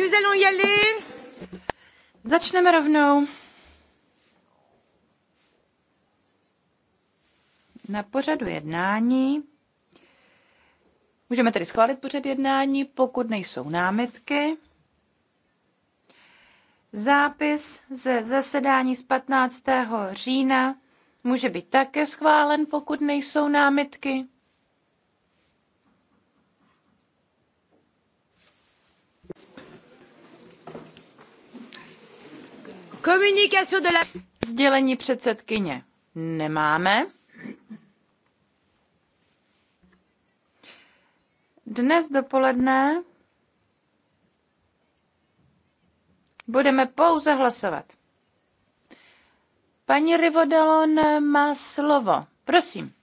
nous allons y aller. Začneme rovnou. Na pořadu jednání. Můžeme tedy schválit pořad jednání, pokud nejsou námitky. Zápis ze zasedání z 15. října může být také schválen, pokud nejsou námitky. Communication de la... Sdělení předsedkyně nemáme. Dnes dopoledne budeme pouze hlasovat. Paní Rivodalon má slovo. Prosím.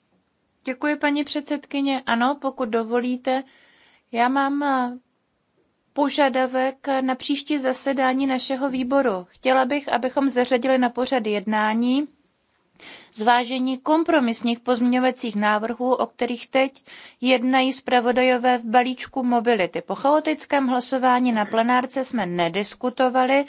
Děkuji, paní předsedkyně. Ano, pokud dovolíte, já mám požadavek na příští zasedání našeho výboru. Chtěla bych, abychom zařadili na pořad jednání zvážení kompromisních pozměňovacích návrhů, o kterých teď jednají zpravodajové v balíčku mobility. Po chaotickém hlasování na plenárce jsme nediskutovali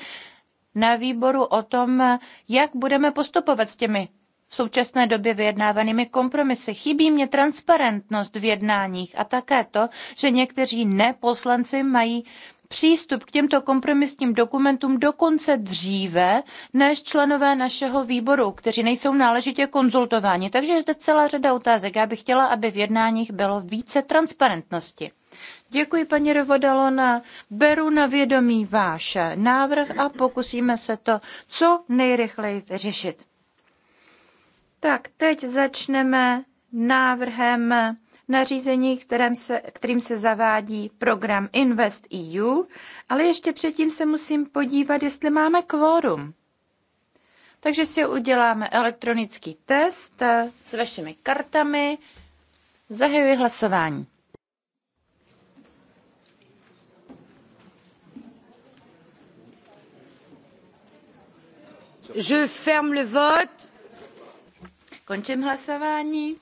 na výboru o tom, jak budeme postupovat s těmi v současné době vyjednávanými kompromisy. Chybí mě transparentnost v jednáních a také to, že někteří neposlanci mají přístup k těmto kompromisním dokumentům dokonce dříve než členové našeho výboru, kteří nejsou náležitě konzultováni. Takže je zde celá řada otázek. Já bych chtěla, aby v jednáních bylo více transparentnosti. Děkuji, paní Rovodalona. Beru na vědomí váš návrh a pokusíme se to co nejrychleji vyřešit. Tak teď začneme návrhem nařízení, kterým se, kterým se zavádí program Invest EU, ale ještě předtím se musím podívat, jestli máme kvórum. Takže si uděláme elektronický test eh, s vašimi kartami. Zahajuji hlasování. Je ferme le vote. Končím hlasování.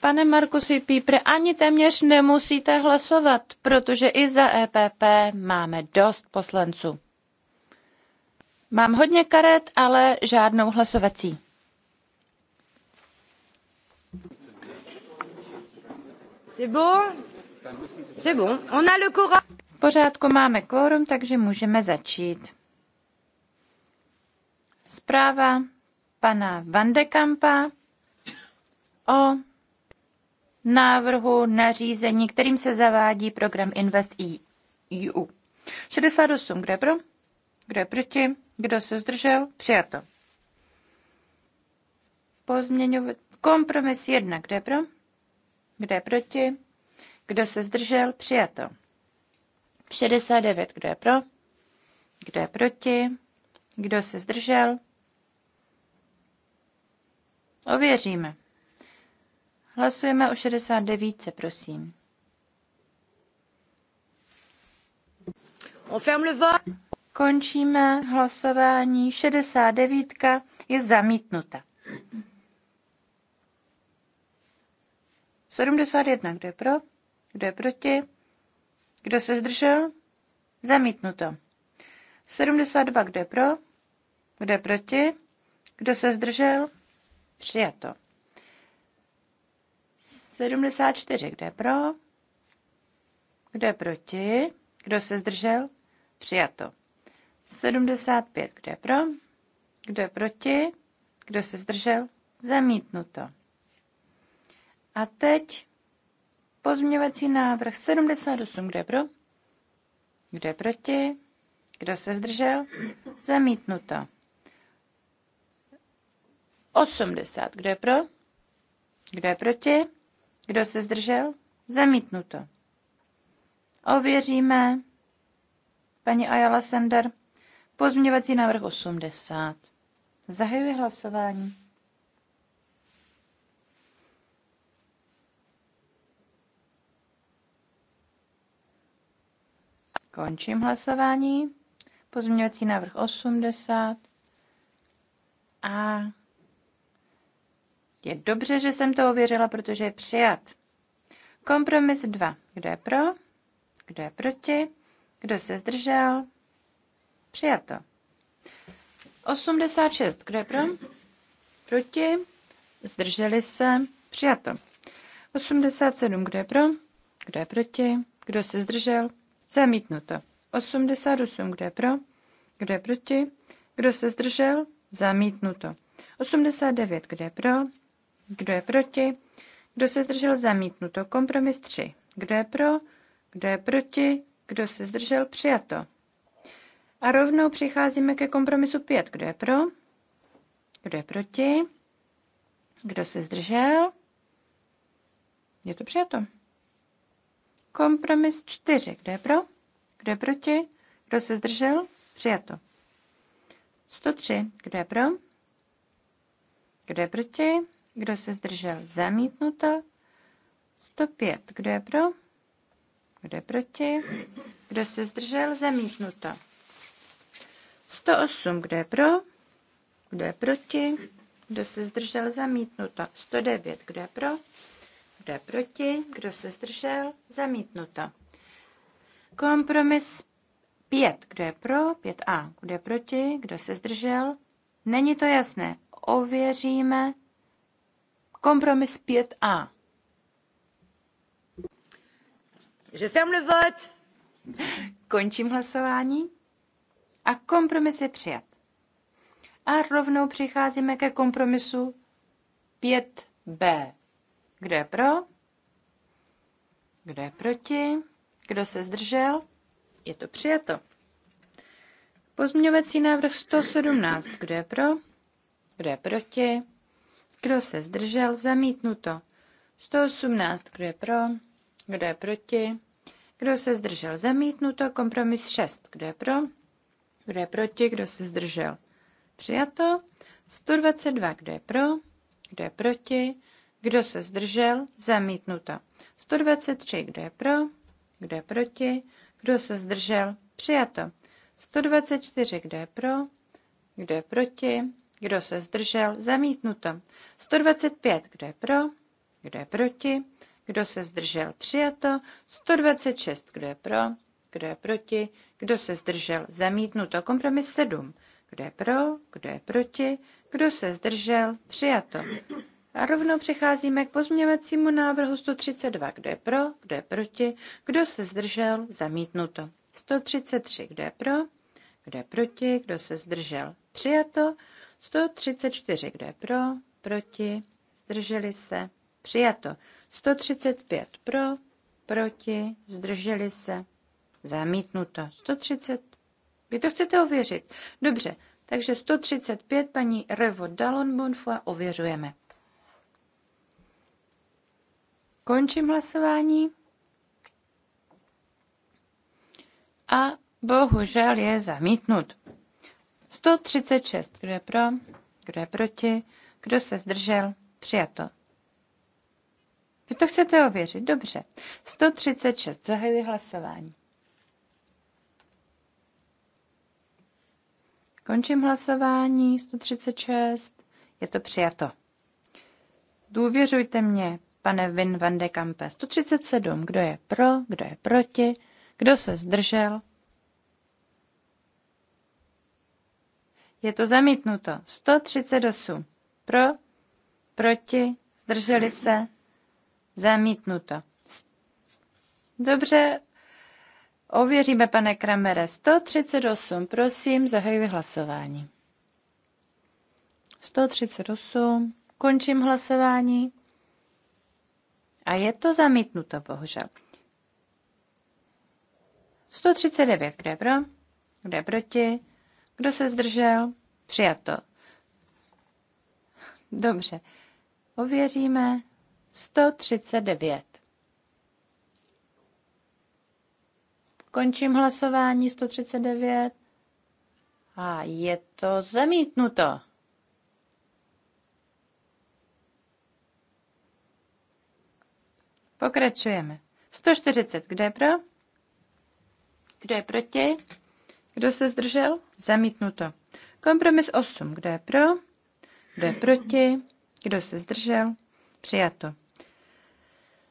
Pane Markusi Pípre, ani téměř nemusíte hlasovat, protože i za EPP máme dost poslanců. Mám hodně karet, ale žádnou hlasovací. C'est bon? C'est bon. On a le V pořádku máme kórum, takže můžeme začít. Zpráva pana Vandekampa o návrhu nařízení, kterým se zavádí program Invest EU. 68, kde pro, Kde proti, kdo se zdržel, přijato. Pozměňovat kompromis 1, kde pro, Kde proti, kdo se zdržel, přijato. 69, kde pro, Kde proti, kdo se zdržel? Ověříme. Hlasujeme o 69, prosím. On ferme le vote. Končíme hlasování. 69 je zamítnuta. 71, kdo je pro? Kdo je proti? Kdo se zdržel? Zamítnuto. 72, kdo je pro? Kdo je proti? Kdo se zdržel? Přijato. 74. Kdo je pro? Kdo je proti? Kdo se zdržel? Přijato. 75. Kdo je pro? Kdo je proti? Kdo se zdržel? Zamítnuto. A teď pozměňovací návrh 78. Kdo je pro? Kdo je proti? Kdo se zdržel? Zamítnuto. 80. Kdo je pro? Kdo je proti? Kdo se zdržel? Zamítnuto. Ověříme. Paní Ayala Sender. Pozměňovací návrh 80. Zahajuji hlasování. Končím hlasování. Pozměňovací návrh 80. A je dobře, že jsem to ověřila, protože je přijat. Kompromis 2. Kdo je pro? Kdo je proti? Kdo se zdržel? Přijato. 86. Kdo je pro? Proti? Zdrželi se? Přijato. 87. Kdo je pro? Kdo je proti? Kdo se zdržel? Zamítnuto. 88. Kdo je pro? Kdo je proti? Kdo se zdržel? Zamítnuto. 89. Kdo je pro? Kdo je proti? Kdo se zdržel? Zamítnuto. Kompromis 3. Kdo je pro? Kdo je proti? Kdo se zdržel? Přijato. A rovnou přicházíme ke kompromisu 5. Kdo je pro? Kdo je proti? Kdo se zdržel? Je to přijato. Kompromis 4. Kdo je pro? Kdo je proti? Kdo se zdržel? Přijato. 103. Kdo je pro? Kdo je proti? Kdo se zdržel? Zamítnuto. 105. Kdo je pro? Kdo je proti? Kdo se zdržel? Zamítnuto. 108. Kdo je pro? Kdo je proti? Kdo se zdržel? Zamítnuto. 109. Kdo je pro? Kdo je proti? Kdo se zdržel? Zamítnuto. Kompromis 5. Kdo je pro? 5a. Kdo je proti? Kdo se zdržel? Není to jasné. Ověříme Kompromis 5A. Je ferme le vote. Končím hlasování. A kompromis je přijat. A rovnou přicházíme ke kompromisu 5B. Kdo je pro? Kdo je proti? Kdo se zdržel? Je to přijato. Pozměňovací návrh 117. Kdo je pro? Kdo je proti? Kdo se zdržel? Zamítnuto. 118. Kdo je pro? Kdo je proti? Kdo se zdržel? Zamítnuto. Kompromis 6. Kdo je pro? Kdo je proti? Kdo se zdržel? Přijato. 122. Kdo je pro? Kdo je proti? Kdo se zdržel? Zamítnuto. 123. Kdo je pro? Kdo je proti? Kdo se zdržel? Přijato. 124. Kdo je pro? Kdo je proti? Kdo se zdržel? Zamítnuto. 125. Kdo je pro? Kdo je proti? Kdo se zdržel? Přijato. 126. Kdo je pro? Kdo je proti? Kdo se zdržel? Zamítnuto. Kompromis 7. Kdo je pro? Kdo je proti? Kdo se zdržel? Přijato. A rovnou přecházíme k pozměňovacímu návrhu 132. Kdo je pro? Kdo je proti? Kdo se zdržel? Zamítnuto. 133. Kdo je pro? Kdo je proti? Kdo se zdržel? Přijato. 134, kdo je pro, proti, zdrželi se, přijato. 135 pro, proti, zdrželi se, zamítnuto. 130, vy to chcete ověřit? Dobře, takže 135 paní Revo dalon Bonfoy ověřujeme. Končím hlasování. A bohužel je zamítnut. 136. Kdo je pro? Kdo je proti? Kdo se zdržel? Přijato. Vy to chcete ověřit? Dobře. 136. Zahajuji hlasování. Končím hlasování. 136. Je to přijato. Důvěřujte mě, pane Vin van de Kampe. 137. Kdo je pro? Kdo je proti? Kdo se zdržel? Je to zamítnuto. 138. Pro, proti, zdrželi se, zamítnuto. Dobře, ověříme, pane Kramere. 138, prosím, zahajuji hlasování. 138, končím hlasování. A je to zamítnuto, bohužel. 139, kde pro, kde proti, kdo se zdržel? Přijato. Dobře. Ověříme 139. Končím hlasování 139. A je to zamítnuto. Pokračujeme. 140. Kdo je pro? Kdo je proti? Kdo se zdržel? Zamítnuto. Kompromis 8. Kdo je pro? Kdo je proti? Kdo se zdržel? Přijato.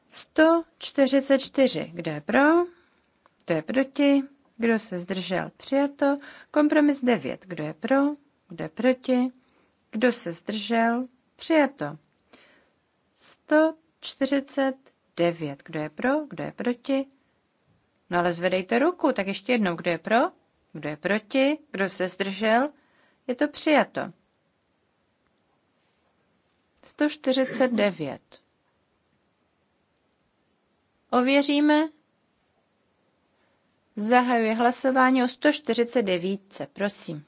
144. Kdo je pro? Kdo je proti? Kdo se zdržel? Přijato. Kompromis 9. Kdo je pro? Kdo je proti? Kdo se zdržel? Přijato. 149. Kdo je pro? Kdo je proti? No ale zvedejte ruku, tak ještě jednou. Kdo je pro? Kdo je proti? Kdo se zdržel? Je to přijato. 149. Ověříme. Zahajuji hlasování o 149. Prosím.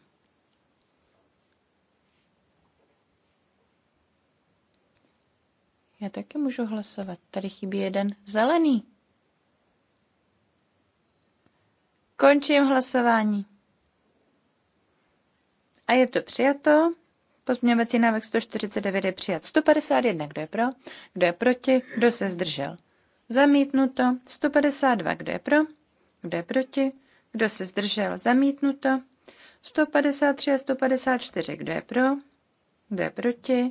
Já taky můžu hlasovat. Tady chybí jeden zelený. Končím hlasování. A je to přijato. Pozměňovací návrh 149 je přijat. 151, kdo je pro? Kdo je proti? Kdo se zdržel? Zamítnuto. 152, kdo je pro? Kdo je proti? Kdo se zdržel? Zamítnuto. 153 a 154, kdo je pro? Kdo je proti?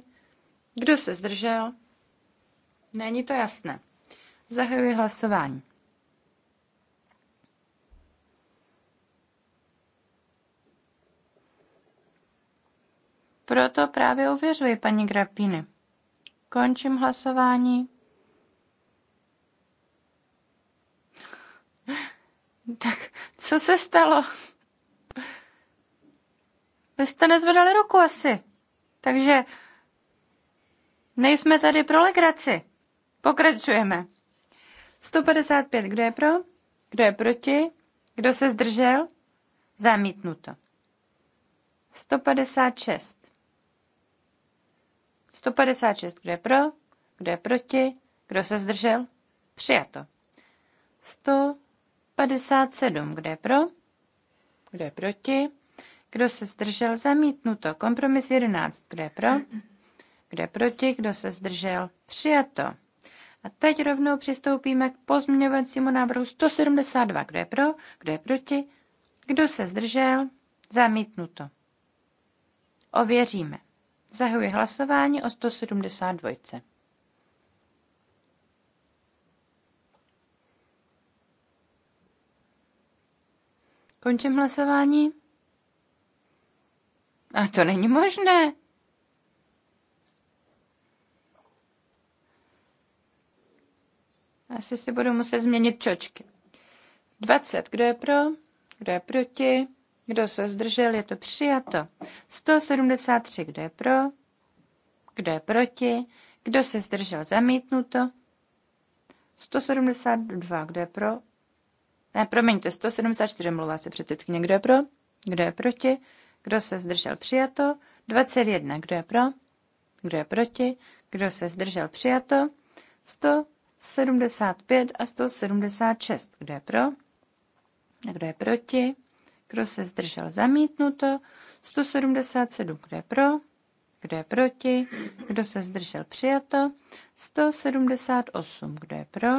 Kdo se zdržel? Není to jasné. Zahajuji hlasování. Proto právě uvěřuji paní Grapíny. Končím hlasování. Tak co se stalo? Vy jste nezvedali ruku asi. Takže nejsme tady pro legraci. Pokračujeme. 155. Kdo je pro? Kdo je proti? Kdo se zdržel? Zamítnuto. 156. 156, kdo je pro, kdo je proti, kdo se zdržel, přijato. 157, kdo je pro, kdo je proti, kdo se zdržel, zamítnuto. Kompromis 11, kdo je pro, kdo je proti, kdo se zdržel, přijato. A teď rovnou přistoupíme k pozměňovacímu návrhu 172. Kdo je pro, kdo je proti, kdo se zdržel, zamítnuto. Ověříme. Zahajuji hlasování o 172. Končím hlasování. A to není možné. Asi si budu muset změnit čočky. 20. Kdo je pro? Kdo je proti? Kdo se zdržel, je to přijato. 173, kdo je pro, kdo je proti, kdo se zdržel, zamítnuto. 172, kdo je pro, ne, promiňte, 174 mluvá se předsedkyně, kdo je pro, kdo je proti, kdo se zdržel, přijato. 21, kdo je pro, kdo je proti, kdo se zdržel, přijato. 175 a 176, kdo je pro, kdo je proti, kdo se zdržel? Zamítnuto. 177. Kdo je pro? Kdo je proti? Kdo se zdržel? Přijato. 178. Kdo je pro?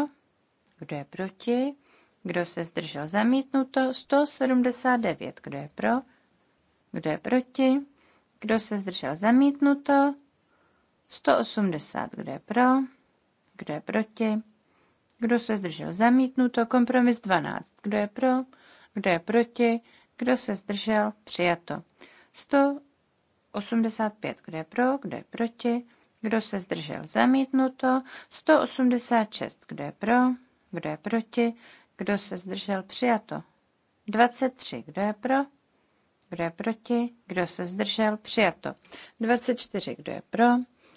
Kdo je proti? Kdo se zdržel? Zamítnuto. 179. Kdo je pro? Kdo je proti? Kdo se zdržel? Zamítnuto. 180. Kdo je pro? Kdo je proti? Kdo se zdržel? Zamítnuto. Kompromis 12. Kdo je pro? Kdo je proti? Kdo se zdržel? Přijato. 185. Kdo je pro? Kdo je proti? Kdo se zdržel? Zamítnuto. 186. Kdo je pro? Kdo je proti? Kdo se zdržel? Přijato. 23. Kdo je pro? Kdo je proti? Kdo se zdržel? Přijato. 24. Kdo je pro?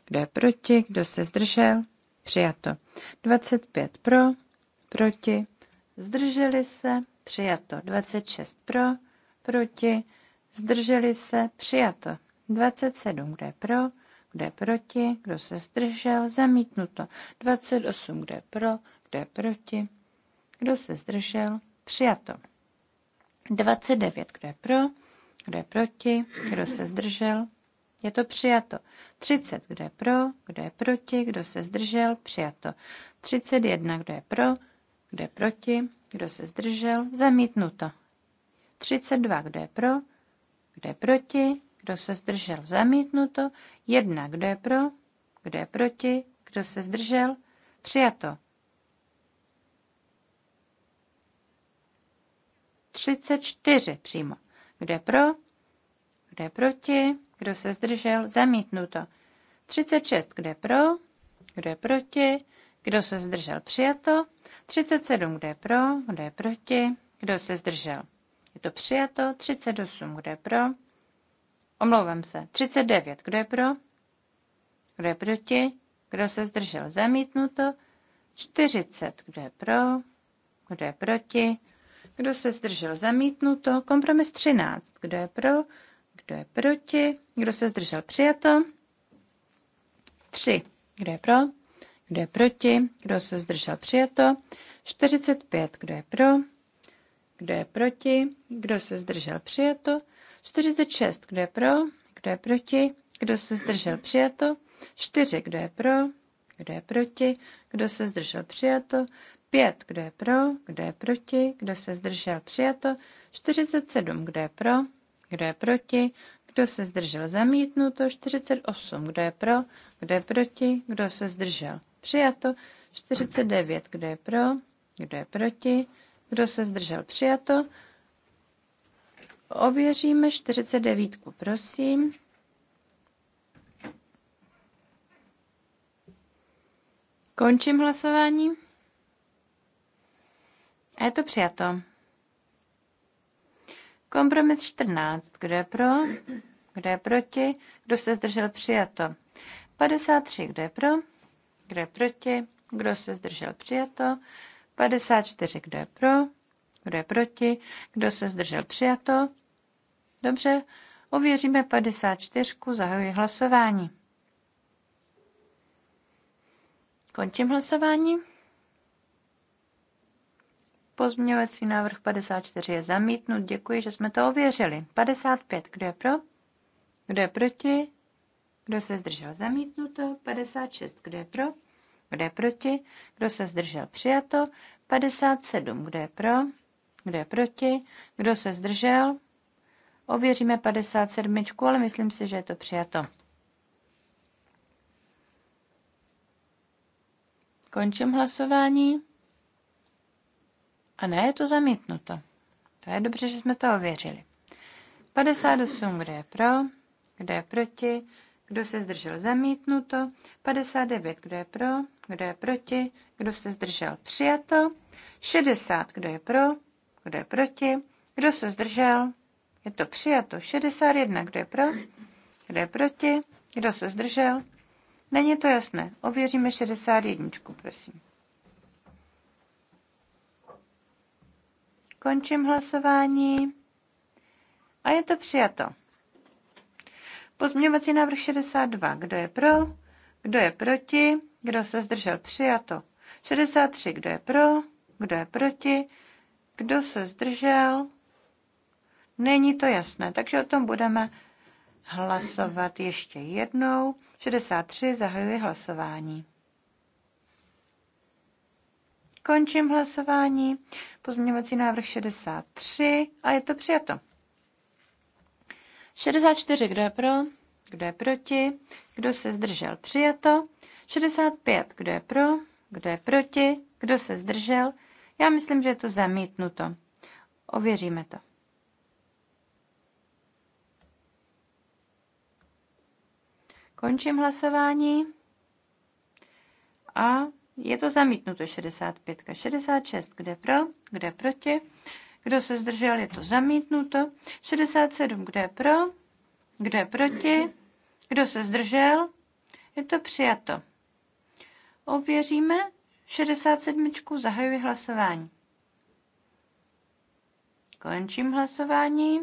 Kdo je proti? Kdo se zdržel? Přijato. 25. Pro? Proti? Zdrželi se? Přijato. 26. Pro? proti, zdrželi se, přijato. 27, kde je pro, kde je proti, kdo se zdržel, zamítnuto. 28, kde je pro, kde je proti, kdo se zdržel, přijato. 29, kde je pro, kde je proti, kdo se zdržel, je to přijato. 30, kde je pro, kde je proti, kdo se zdržel, přijato. 31, kde je pro, kde je proti, kdo se zdržel, zamítnuto. 32, kdo je pro, kdo je proti, kdo se zdržel, zamítnuto. 1, kdo je pro, kdo je proti, kdo se zdržel, přijato. 34 přímo. Kdo je pro, kdo je proti, kdo se zdržel, zamítnuto. 36, kdo je pro, kdo je proti, kdo se zdržel, přijato. 37, kdo je pro, kdo je proti, kdo se zdržel, je to přijato. 38, kdo je pro? Omlouvám se. 39, kdo je pro? Kdo je proti? Kdo se zdržel? Zamítnuto. 40, kdo je pro? Kdo je proti? Kdo se zdržel? Zamítnuto. Kompromis 13, kdo je pro? Kdo je proti? Kdo se zdržel? Přijato. 3, kdo je pro? Kdo je proti? Kdo se zdržel? Přijato. 45, kdo je pro? kdo je proti, kdo se zdržel přijato, 46, kdo je pro, kdo je proti, kdo se zdržel přijato, 4, kdo je pro, kdo je proti, kdo se zdržel přijato, 5, kdo je pro, kdo je proti, kdo se zdržel přijato, 47, kdo je pro, kdo je proti, kdo se zdržel zamítnuto, 48, kdo je pro, kdo je proti, kdo se zdržel přijato, 49, kdo je pro, kdo je proti, kdo se zdržel? Přijato. Ověříme 49, prosím. Končím hlasování. A je to přijato. Kompromis 14. Kdo je pro? Kdo je proti? Kdo se zdržel? Přijato. 53. Kdo je pro? Kdo je proti? Kdo se zdržel? Přijato. 54, kdo je pro, kdo je proti, kdo se zdržel přijato. Dobře, ověříme 54, zahajuji hlasování. Končím hlasování. Pozměňovací návrh 54 je zamítnut. Děkuji, že jsme to ověřili. 55, kdo je pro? Kdo je proti? Kdo se zdržel zamítnuto? 56, kdo je pro? Kdo je proti? Kdo se zdržel? Přijato. 57. Kdo je pro? Kdo je proti? Kdo se zdržel? Ověříme 57, ale myslím si, že je to přijato. Končím hlasování. A ne, je to zamítnuto. To je dobře, že jsme to ověřili. 58, kde je pro, kde je proti, kdo se zdržel zamítnuto? 59. Kdo je pro? Kdo je proti? Kdo se zdržel přijato? 60. Kdo je pro? Kdo je proti? Kdo se zdržel? Je to přijato. 61. Kdo je pro? Kdo je proti? Kdo se zdržel? Není to jasné. Ověříme 61, prosím. Končím hlasování. A je to přijato. Pozměňovací návrh 62. Kdo je pro? Kdo je proti? Kdo se zdržel? Přijato. 63. Kdo je pro? Kdo je proti? Kdo se zdržel? Není to jasné, takže o tom budeme hlasovat ještě jednou. 63. Zahajuji hlasování. Končím hlasování. Pozměňovací návrh 63 a je to přijato. 64, kdo je pro, kdo je proti, kdo se zdržel, přijato. 65, kdo je pro, kdo je proti, kdo se zdržel. Já myslím, že je to zamítnuto. Ověříme to. Končím hlasování. A je to zamítnuto 65. 66, kde pro, kde proti, kdo se zdržel, je to zamítnuto. 67, kdo je pro, kdo je proti, kdo se zdržel, je to přijato. Ověříme 67. Zahajuji hlasování. Končím hlasování.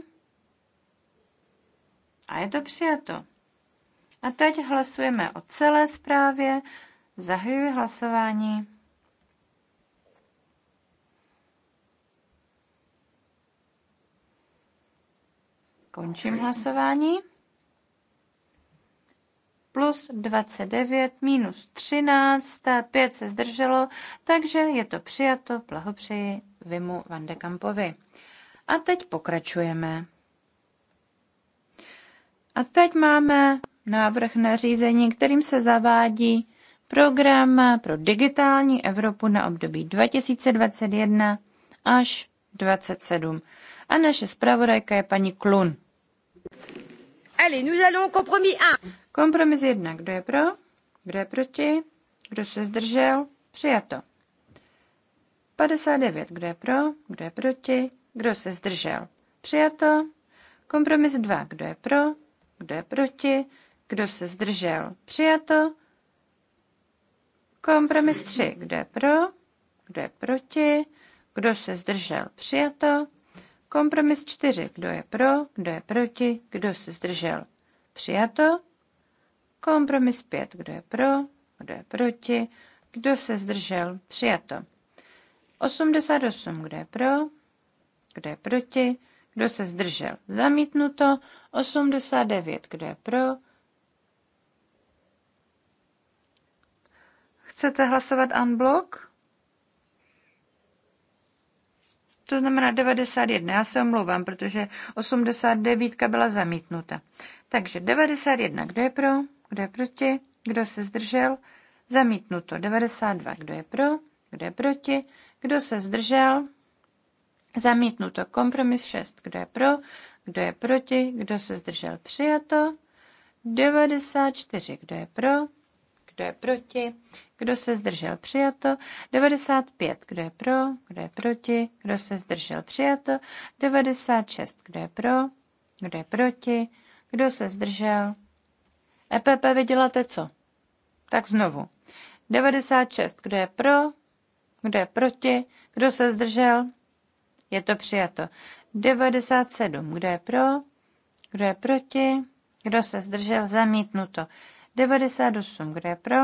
A je to přijato. A teď hlasujeme o celé zprávě. Zahajuji hlasování. Končím hlasování. Plus 29, minus 13, 5 se zdrželo, takže je to přijato. Blahopřeji Vimu Van de Kampovi. A teď pokračujeme. A teď máme návrh na řízení, kterým se zavádí program pro digitální Evropu na období 2021 až 2027. A naše zpravodajka je paní Klun. Allez, nous allons compromis 1. Kompromis 1. Kdo je pro? Kdo je proti? Kdo se zdržel? Přijato. 59. Kdo je pro? Kdo je proti? Kdo se zdržel? Přijato. Kompromis 2. Kdo je pro? Kdo je proti? Kdo se zdržel? Přijato. Kompromis 3. Kdo je pro? Kdo je proti? Kdo se zdržel? Přijato. Kompromis 4. Kdo je pro, kdo je proti, kdo se zdržel? Přijato. Kompromis 5. Kdo je pro, kdo je proti, kdo se zdržel? Přijato. 88. Kdo je pro, kdo je proti, kdo se zdržel? Zamítnuto. 89. Kdo je pro? Chcete hlasovat unblock? To znamená 91. Já se omlouvám, protože 89 byla zamítnuta. Takže 91. Kdo je pro? Kdo je proti? Kdo se zdržel? Zamítnuto. 92. Kdo je pro? Kdo je proti? Kdo se zdržel? Zamítnuto. Kompromis 6. Kdo je pro? Kdo je proti? Kdo se zdržel? Přijato. 94. Kdo je pro? kdo je proti, kdo se zdržel přijato, 95, kdo je pro, kdo je proti, kdo se zdržel přijato, 96, kdo je pro, kdo je proti, kdo se zdržel. EPP, vy děláte co? Tak znovu. 96, kdo je pro, kdo je proti, kdo se zdržel, je to přijato. 97, kdo je pro, kdo je proti, kdo se zdržel? Zamítnuto. 98. Kdo je pro?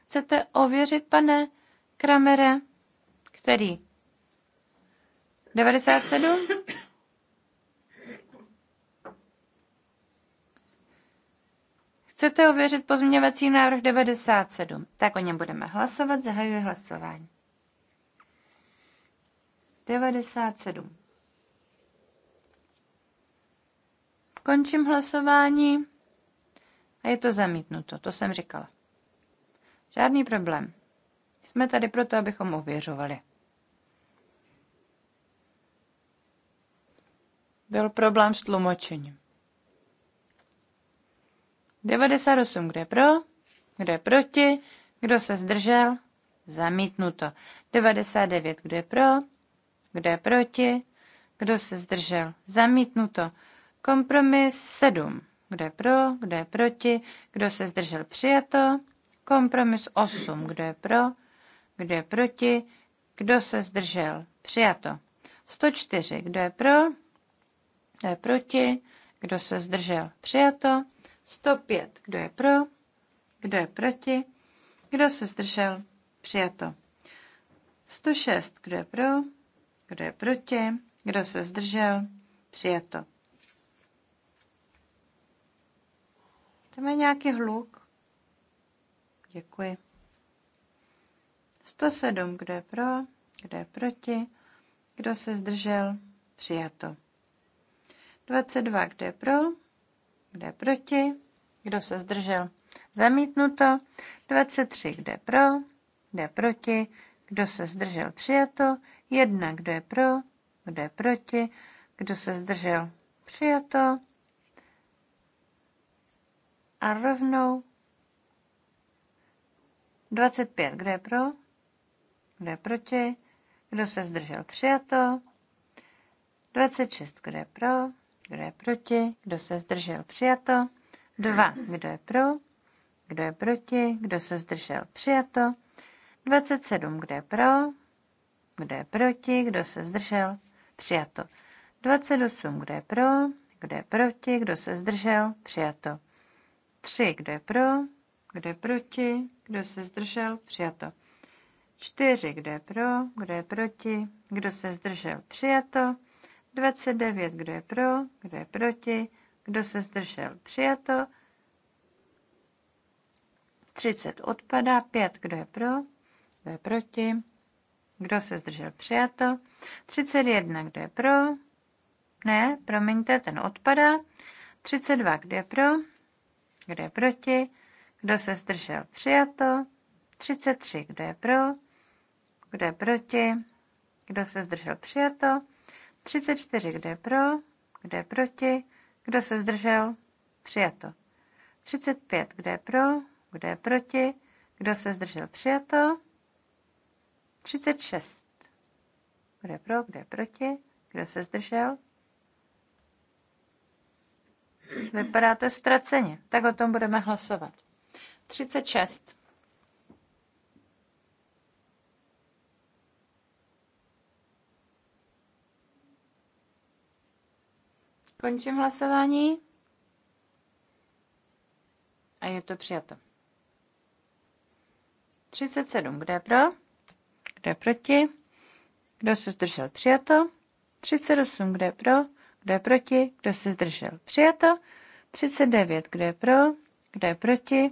Chcete ověřit, pane Kramere? Který? 97? Chcete ověřit pozměňovací návrh 97? Tak o něm budeme hlasovat. Zahajuji hlasování. 97. Končím hlasování. A je to zamítnuto, to jsem říkala. Žádný problém. Jsme tady proto, abychom ověřovali. Byl problém s tlumočením. 98, kde pro, kde proti, kdo se zdržel, zamítnuto. 99, kde pro, kde proti, kdo se zdržel, zamítnuto. Kompromis 7 kdo je pro, kdo je proti, kdo se zdržel přijato. Kompromis 8, kdo je pro, kdo je proti, kdo se zdržel přijato. 104, kdo je pro, kdo je proti, kdo se zdržel přijato. 105, kdo je pro, kdo je proti, kdo se zdržel přijato. 106, kdo je pro, kdo je proti, kdo se zdržel přijato. Tam je nějaký hluk. Děkuji. 107, kdo je pro, kdo je proti, kdo se zdržel, přijato. 22, kdo je pro, kdo je proti, kdo se zdržel, zamítnuto. 23, kdo je pro, kdo je proti, kdo se zdržel, přijato. 1, kdo je pro, kdo je proti, kdo se zdržel, přijato a rovnou 25. Kdo je pro? Kdo je proti? Kdo se zdržel? Přijato. 26. Kdo je pro? Kdo je proti? Kdo se zdržel? Přijato. 2. Kdo je pro? Kdo je proti? Kdo se zdržel? Přijato. 27. Kdo je pro? Kdo je proti? Kdo se zdržel? Přijato. 28. Kdo je pro? Kdo je proti? Kdo se zdržel? Přijato. 3. Kdo je pro? Kdo je proti? Kdo se zdržel? Přijato. 4. Kdo je pro? Kdo je proti? Kdo se zdržel? Přijato. 29. Kdo je pro? Kdo je proti? Kdo se zdržel? Přijato. 30 odpadá, 5, kdo je pro, kdo je proti, kdo se zdržel přijato, 31, kdo je pro, ne, promiňte, ten odpadá, 32, kdo je pro, kdo je proti, kdo se zdržel, přijato. 33, kdo je pro, kdo je proti, kdo se zdržel, přijato. 34, kdo je pro, kdo je proti, kdo se zdržel, přijato. 35, kdo je pro, kdo je proti, kdo se zdržel, přijato. 36, kdo je pro, kdo je proti, kdo se zdržel, Vypadáte ztraceně, tak o tom budeme hlasovat. 36. Končím hlasování. A je to přijato. 37. Kde je pro? Kde je proti? Kdo se zdržel? Přijato. 38. Kde je pro? Kdo je proti? Kdo se zdržel? Přijato. 39. Kdo je pro? Kdo je proti?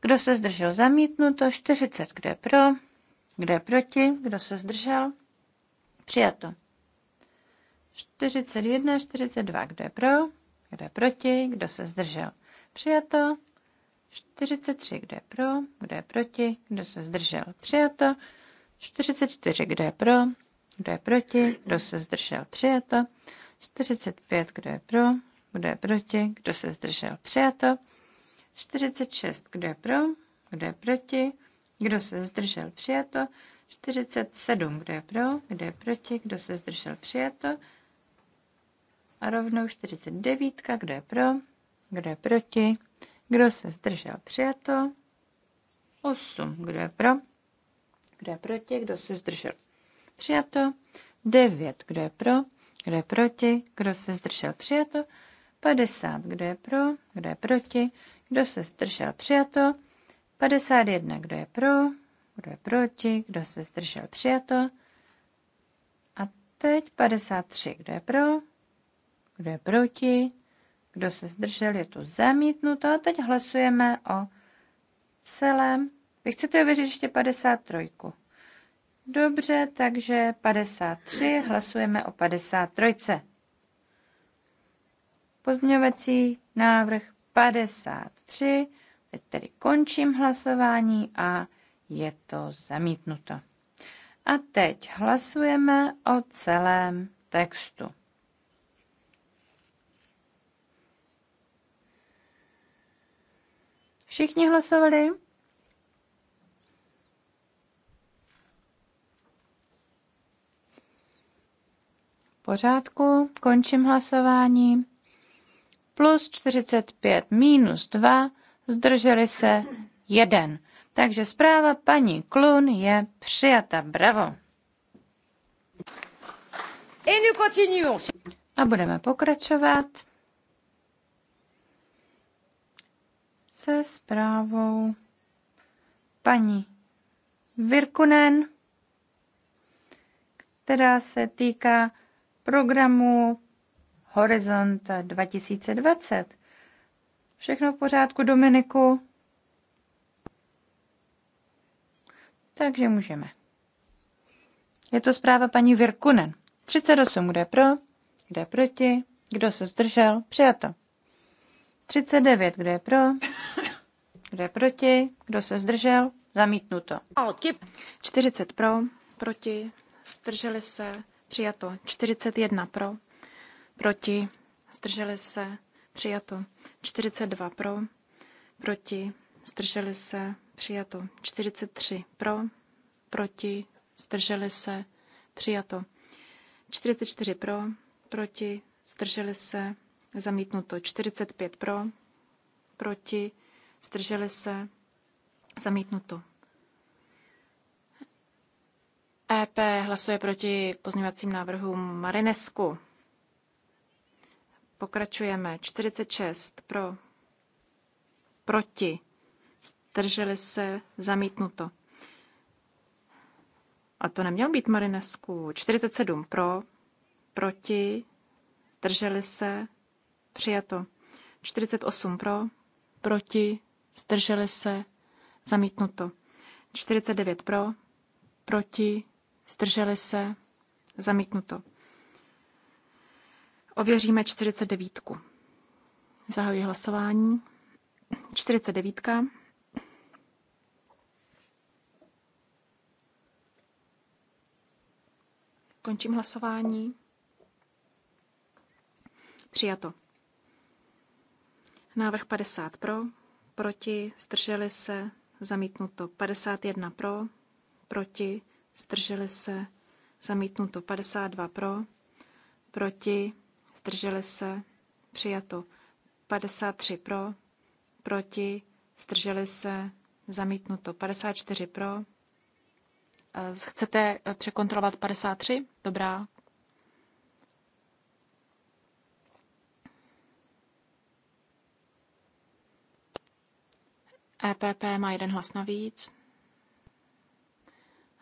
Kdo se zdržel? Zamítnuto. 40. Kdo je pro? Kdo je proti? Kdo se zdržel? Přijato. 41, 42. Kdo je pro? Kdo je proti? Kdo se zdržel? Přijato. 43. Kdo je pro? Kdo je proti? Kdo se zdržel? Přijato. 44. Kdo je pro? Kdo je proti? Kdo se zdržel? Přijato. 45, kdo je pro, kdo je proti, kdo se zdržel, přijato. 46, kdo je pro, kdo je proti, kdo se zdržel, přijato. 47, kdo je pro, kdo je proti, kdo se zdržel, přijato. A rovnou 49, kdo je pro, kdo je proti, kdo se zdržel, přijato. 8, kdo je pro, kdo je proti, kdo se zdržel, přijato. 9, kdo je pro, kdo je proti, kdo se zdržel přijato, 50, kdo je pro, kdo je proti, kdo se zdržel přijato, 51, kdo je pro, kdo je proti, kdo se zdržel přijato, a teď 53, kdo je pro, kdo je proti, kdo se zdržel, je to zamítnuto. A teď hlasujeme o celém. Vy chcete ověřit ještě 53. Dobře, takže 53, hlasujeme o 53. Pozměňovací návrh 53, teď tedy končím hlasování a je to zamítnuto. A teď hlasujeme o celém textu. Všichni hlasovali? pořádku, končím hlasování. Plus 45 minus 2, zdrželi se 1. Takže zpráva paní Klun je přijata. Bravo. A budeme pokračovat se zprávou paní Virkunen, která se týká programu Horizont 2020. Všechno v pořádku, Dominiku? Takže můžeme. Je to zpráva paní Virkunen. 38, kde pro, kde proti, kdo se zdržel, přijato. 39, kde je pro, kde je proti, kdo se zdržel, zamítnuto. 40 pro, proti, zdrželi se, přijato. 41 pro, proti, zdrželi se, přijato. 42 pro, proti, zdrželi se, přijato. 43 pro, proti, zdrželi se, přijato. 44 pro, proti, zdrželi se, zamítnuto. 45 pro, proti, zdrželi se, zamítnuto. EP hlasuje proti pozměňovacím návrhům Marinesku. Pokračujeme. 46 pro, proti, Strželi se, zamítnuto. A to neměl být Marinesku. 47 pro, proti, Strželi se, přijato. 48 pro, proti, Strželi se, zamítnuto. 49 pro, proti, Zdrželi se? Zamítnuto. Ověříme 49. Zahajuji hlasování. 49. Končím hlasování. Přijato. Návrh 50 pro, proti, zdrželi se, zamítnuto. 51 pro, proti, zdrželi se, zamítnuto 52 pro, proti, zdrželi se, přijato 53 pro, proti, zdrželi se, zamítnuto 54 pro. Eh, chcete eh, překontrolovat 53? Dobrá. EPP má jeden hlas navíc.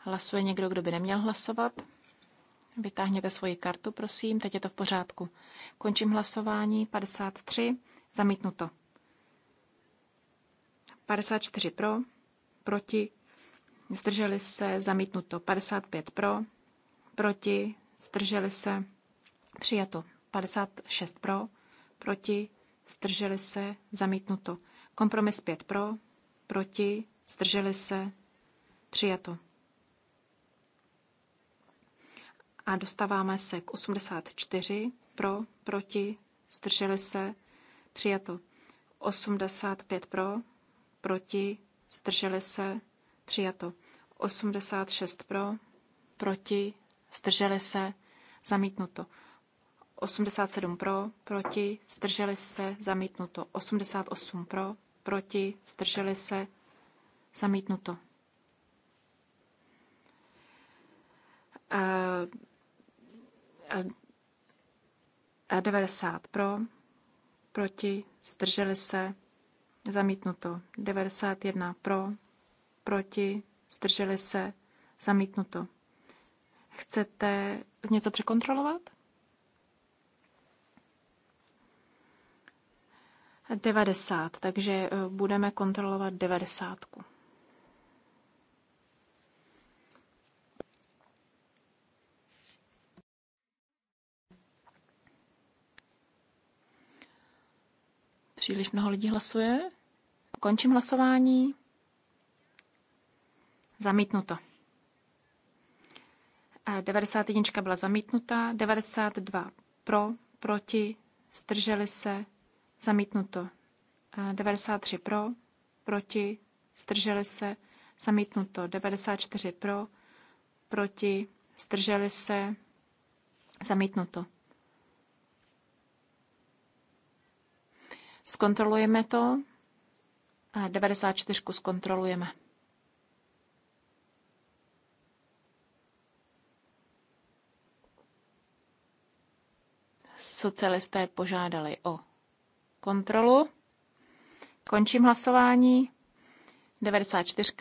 Hlasuje někdo, kdo by neměl hlasovat? Vytáhněte svoji kartu, prosím, teď je to v pořádku. Končím hlasování. 53. Zamítnuto. 54 pro, proti, zdrželi se, zamítnuto. 55 pro, proti, zdrželi se, přijato. 56 pro, proti, zdrželi se, zamítnuto. Kompromis 5 pro, proti, zdrželi se, přijato. A dostáváme se k 84 pro, proti, zdrželi se, přijato. 85 pro, proti, zdrželi se, přijato. 86 pro, proti, zdrželi se, zamítnuto. 87 pro, proti, zdrželi se, zamítnuto. 88 pro, proti, zdrželi se, zamítnuto. E, 90 pro, proti, zdrželi se, zamítnuto. 91 pro, proti, zdrželi se, zamítnuto. Chcete něco překontrolovat? 90, takže eh, budeme kontrolovat 90. Příliš mnoho lidí hlasuje. Končím hlasování. Zamítnuto. 91 byla zamítnuta, 92 pro, proti, strželi se, zamítnuto. 93 pro, proti, strželi se, zamítnuto. 94 pro, proti, strželi se, zamítnuto. Zkontrolujeme to. A 94 zkontrolujeme. Socialisté požádali o kontrolu. Končím hlasování. 94.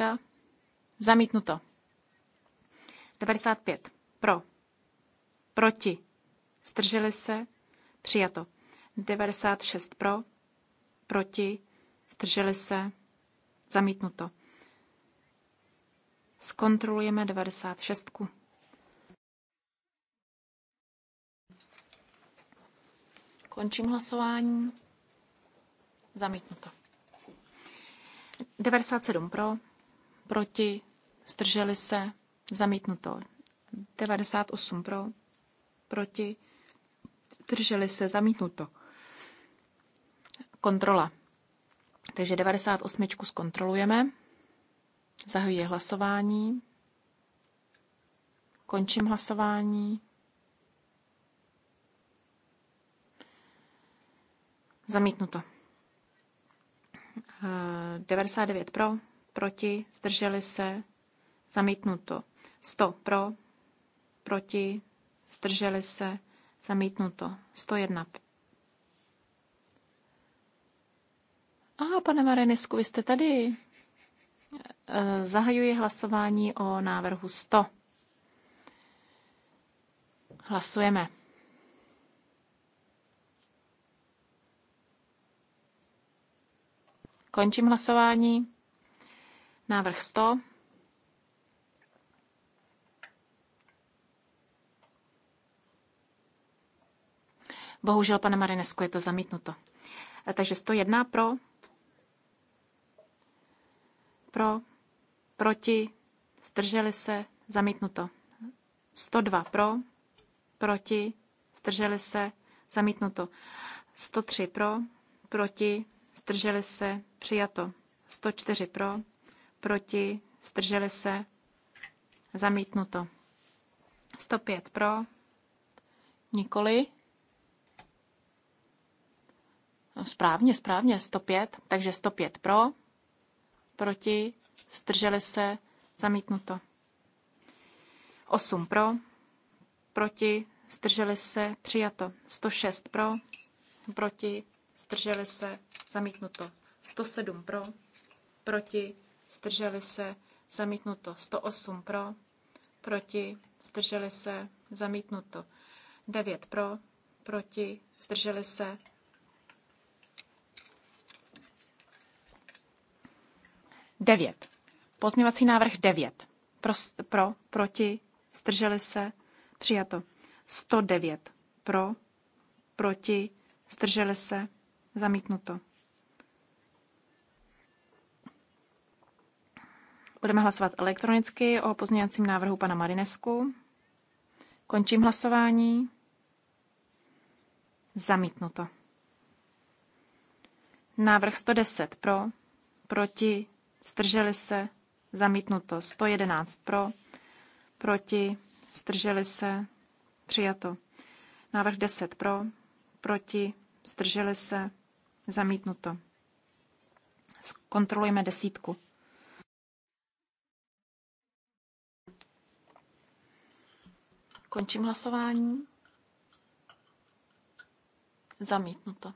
Zamítnuto. 95. Pro. Proti. Strželi se. Přijato. 96 pro proti, zdrželi se, zamítnuto. Zkontrolujeme 96. Končím hlasování. Zamítnuto. 97 pro, proti, zdrželi se, zamítnuto. 98 pro, proti, zdrželi se, zamítnuto. Kontrola. Takže 98 zkontrolujeme. Zahajuji hlasování. Končím hlasování. Zamítnuto. 99 eh, pro, proti, zdrželi se, zamítnuto. 100 pro, proti, zdrželi se, zamítnuto. 101 A pane Marenesku, vy jste tady. Eh, zahajuji hlasování o návrhu 100. Hlasujeme. Končím hlasování. Návrh 100. Bohužel, pane Marinesku, je to zamítnuto. Eh, takže 101 pro, pro, proti, zdrželi se, zamítnuto. 102 pro, proti, zdrželi se, zamítnuto. 103 pro, proti, zdrželi se, přijato. 104 pro, proti, zdrželi se, zamítnuto. 105 pro, nikoli. No, správně, správně, 105, takže 105 pro, proti, zdrželi se, zamítnuto. 8 pro, proti, zdrželi se, přijato. 106 pro, proti, zdrželi se, zamítnuto. 107 pro, proti, zdrželi se, zamítnuto. 108 pro, proti, zdrželi se, zamítnuto. 9 pro, proti, zdrželi se, 9. Pozměňovací návrh 9. Pro, pro, proti, strželi se, přijato. 109. Pro, proti, strželi se, zamítnuto. Budeme hlasovat elektronicky o pozměňovacím návrhu pana Marinesku. Končím hlasování. Zamítnuto. Návrh 110 pro, proti, Zdrželi se? Zamítnuto. 111 pro. Proti? Zdrželi se? Přijato. Návrh 10 pro. Proti? Zdrželi se? Zamítnuto. Zkontrolujeme desítku. Končím hlasování. Zamítnuto.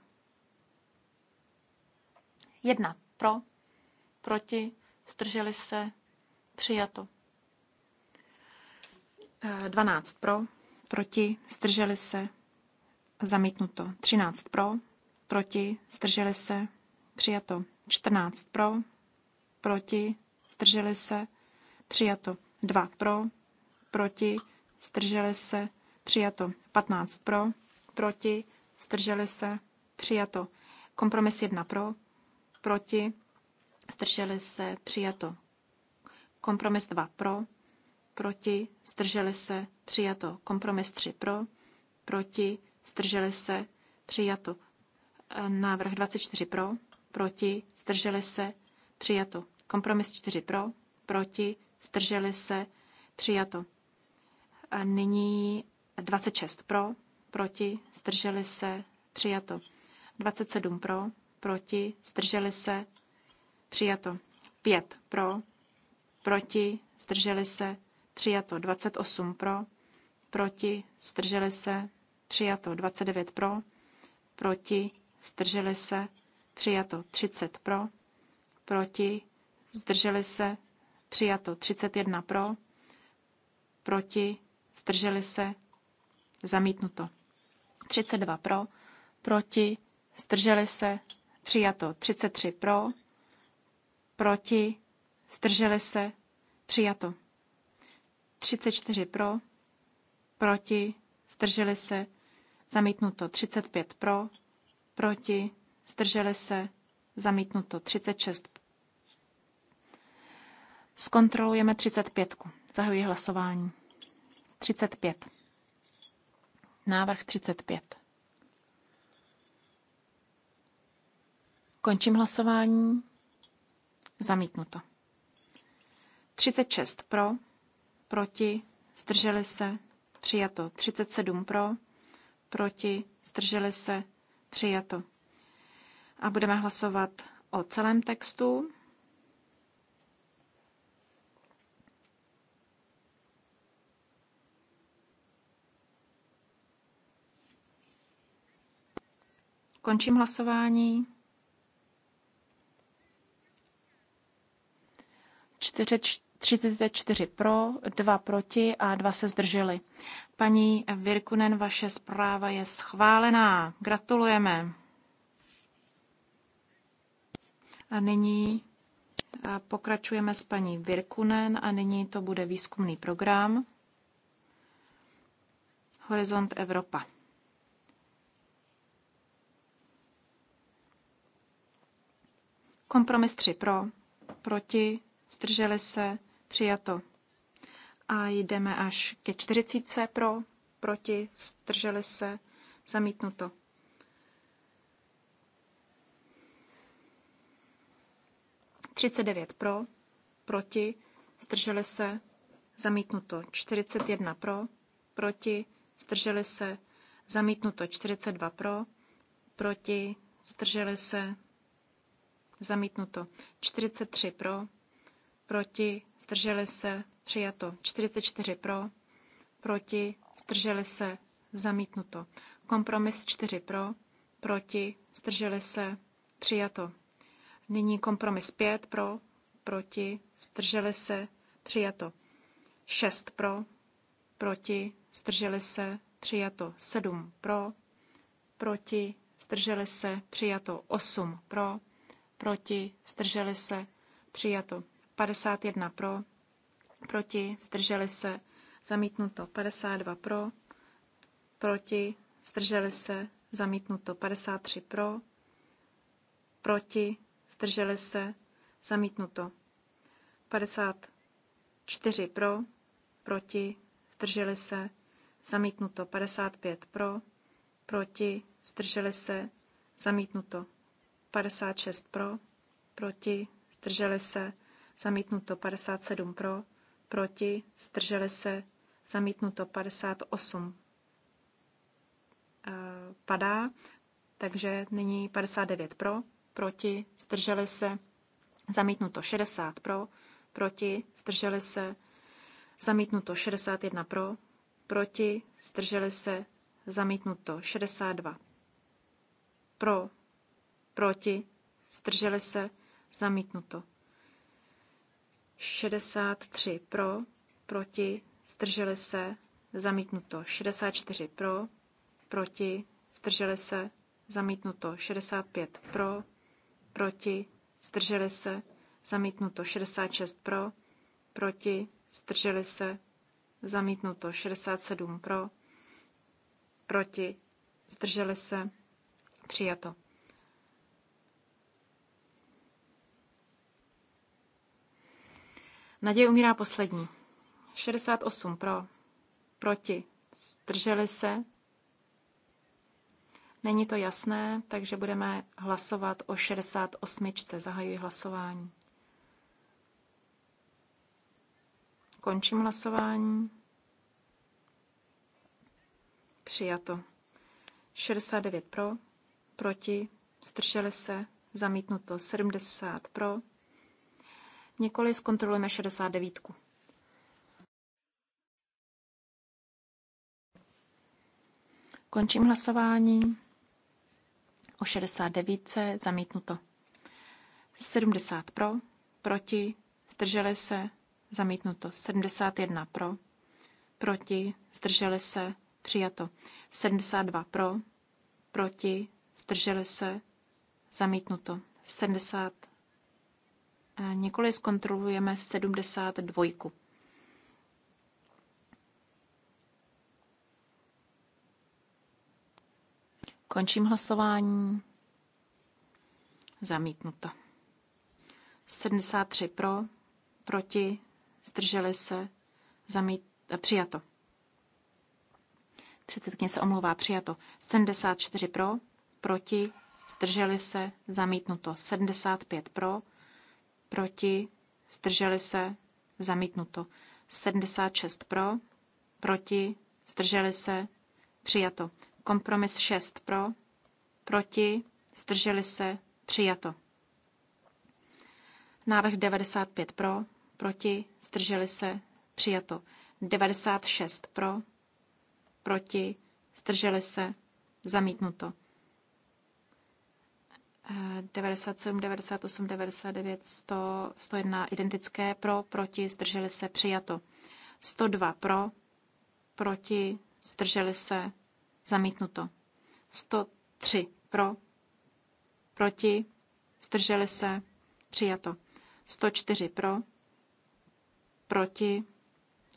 Jedna pro, proti, zdrželi se, přijato. 12 e, pro, proti, zdrželi se, zamítnuto. 13 pro, proti, zdrželi se, přijato. 14 pro, proti, zdrželi se, přijato. 2 pro, proti, zdrželi se, přijato. 15 pro, proti, zdrželi se, přijato. Kompromis 1 pro, proti, zdrželi se, přijato. Kompromis 2 pro, proti, zdrželi se, přijato. Kompromis 3 pro, proti, zdrželi se, přijato. E, návrh 24 pro, proti, zdrželi se, přijato. Kompromis 4 pro, proti, zdrželi se, přijato. A e, nyní 26 pro, proti, zdrželi se, přijato. 27 pro, proti, zdrželi se, Přijato. 5 pro, proti, zdrželi se, přijato 28 pro, proti, zdrželi se, přijato 29 pro, proti, zdrželi se, přijato 30 pro, proti, zdrželi se, přijato 31 pro, proti, zdrželi se, zamítnuto 32 pro, proti, zdrželi se, přijato 33 pro, proti, zdrželi se, přijato. 34 pro, proti, zdrželi se, zamítnuto. 35 pro, proti, zdrželi se, zamítnuto. 36. Zkontrolujeme 35. Zahajuji hlasování. 35. Návrh 35. Končím hlasování. Zamítnuto. 36 pro, proti, zdrželi se, přijato. 37 pro, proti, zdrželi se, přijato. A budeme hlasovat o celém textu. Končím hlasování. 34 pro, 2 proti a 2 se zdrželi. Paní Virkunen, vaše zpráva je schválená. Gratulujeme. A nyní pokračujeme s paní Virkunen a nyní to bude výzkumný program Horizont Evropa. Kompromis 3 pro, proti, zdrželi se, přijato. A jdeme až ke 40 pro, proti, zdrželi se, zamítnuto. Třicet devět pro, proti, zdrželi se, zamítnuto. Čtyřicet jedna pro, proti, zdrželi se, zamítnuto. Čtyřicet dva pro, proti, zdrželi se, zamítnuto. Čtyřicet tři pro, proti, zdrželi se, přijato. 44 pro, proti, zdrželi se, zamítnuto. Kompromis 4 pro, proti, zdrželi se, přijato. Nyní kompromis 5 pro, proti, zdrželi se, přijato. 6 pro, proti, zdrželi se, přijato. 7 pro, proti, zdrželi se, přijato. 8 pro, proti, zdrželi se, přijato. 51 pro, proti, zdrželi se, zamítnuto 52 pro, proti, zdrželi se, zamítnuto 53 pro, proti, zdrželi se, zamítnuto 54 pro, proti, zdrželi se, zamítnuto 55 pro, proti, zdrželi se, zamítnuto 56 pro, proti, zdrželi se, zamítnuto 57 pro, proti, zdrželi se, zamítnuto 58 eh, padá, takže nyní 59 pro, proti, zdrželi se, zamítnuto 60 pro, proti, zdrželi se, zamítnuto 61 pro, proti, zdrželi se, zamítnuto 62 pro, proti, zdrželi se, zamítnuto 63 pro, proti, zdrželi se, zamítnuto. 64 pro, proti, zdrželi se, zamítnuto. 65 pro, proti, zdrželi se, zamítnuto. 66 pro, proti, zdrželi se, zamítnuto. 67 pro, proti, zdrželi se, přijato. Naděje umírá poslední. 68 pro, proti, zdrželi se. Není to jasné, takže budeme hlasovat o 68. Zahajuji hlasování. Končím hlasování. Přijato. 69 pro, proti, zdrželi se, zamítnuto 70 pro, Nikoli zkontrolujeme 69. Končím hlasování. O 69 zamítnuto. 70 pro, proti, zdrželi se, zamítnuto. 71 pro, proti, zdrželi se, přijato. 72 pro, proti, zdrželi se, zamítnuto. 70 Nikoli zkontrolujeme 72. Končím hlasování. Zamítnuto. 73 pro, proti, zdrželi se, zamít, přijato. Předsedkyně se omlouvá, přijato. 74 pro, proti, zdrželi se, zamítnuto. 75 pro, proti, zdrželi se, zamítnuto. 76 pro, proti, zdrželi se, přijato. Kompromis 6 pro, proti, zdrželi se, přijato. Návrh 95 pro, proti, zdrželi se, přijato. 96 pro, proti, zdrželi se, zamítnuto. 97, 98, 99, 100, 101 identické pro, proti, zdrželi se, přijato. 102 pro, proti, zdrželi se, zamítnuto. 103 pro, proti, zdrželi se, přijato. 104 pro, proti,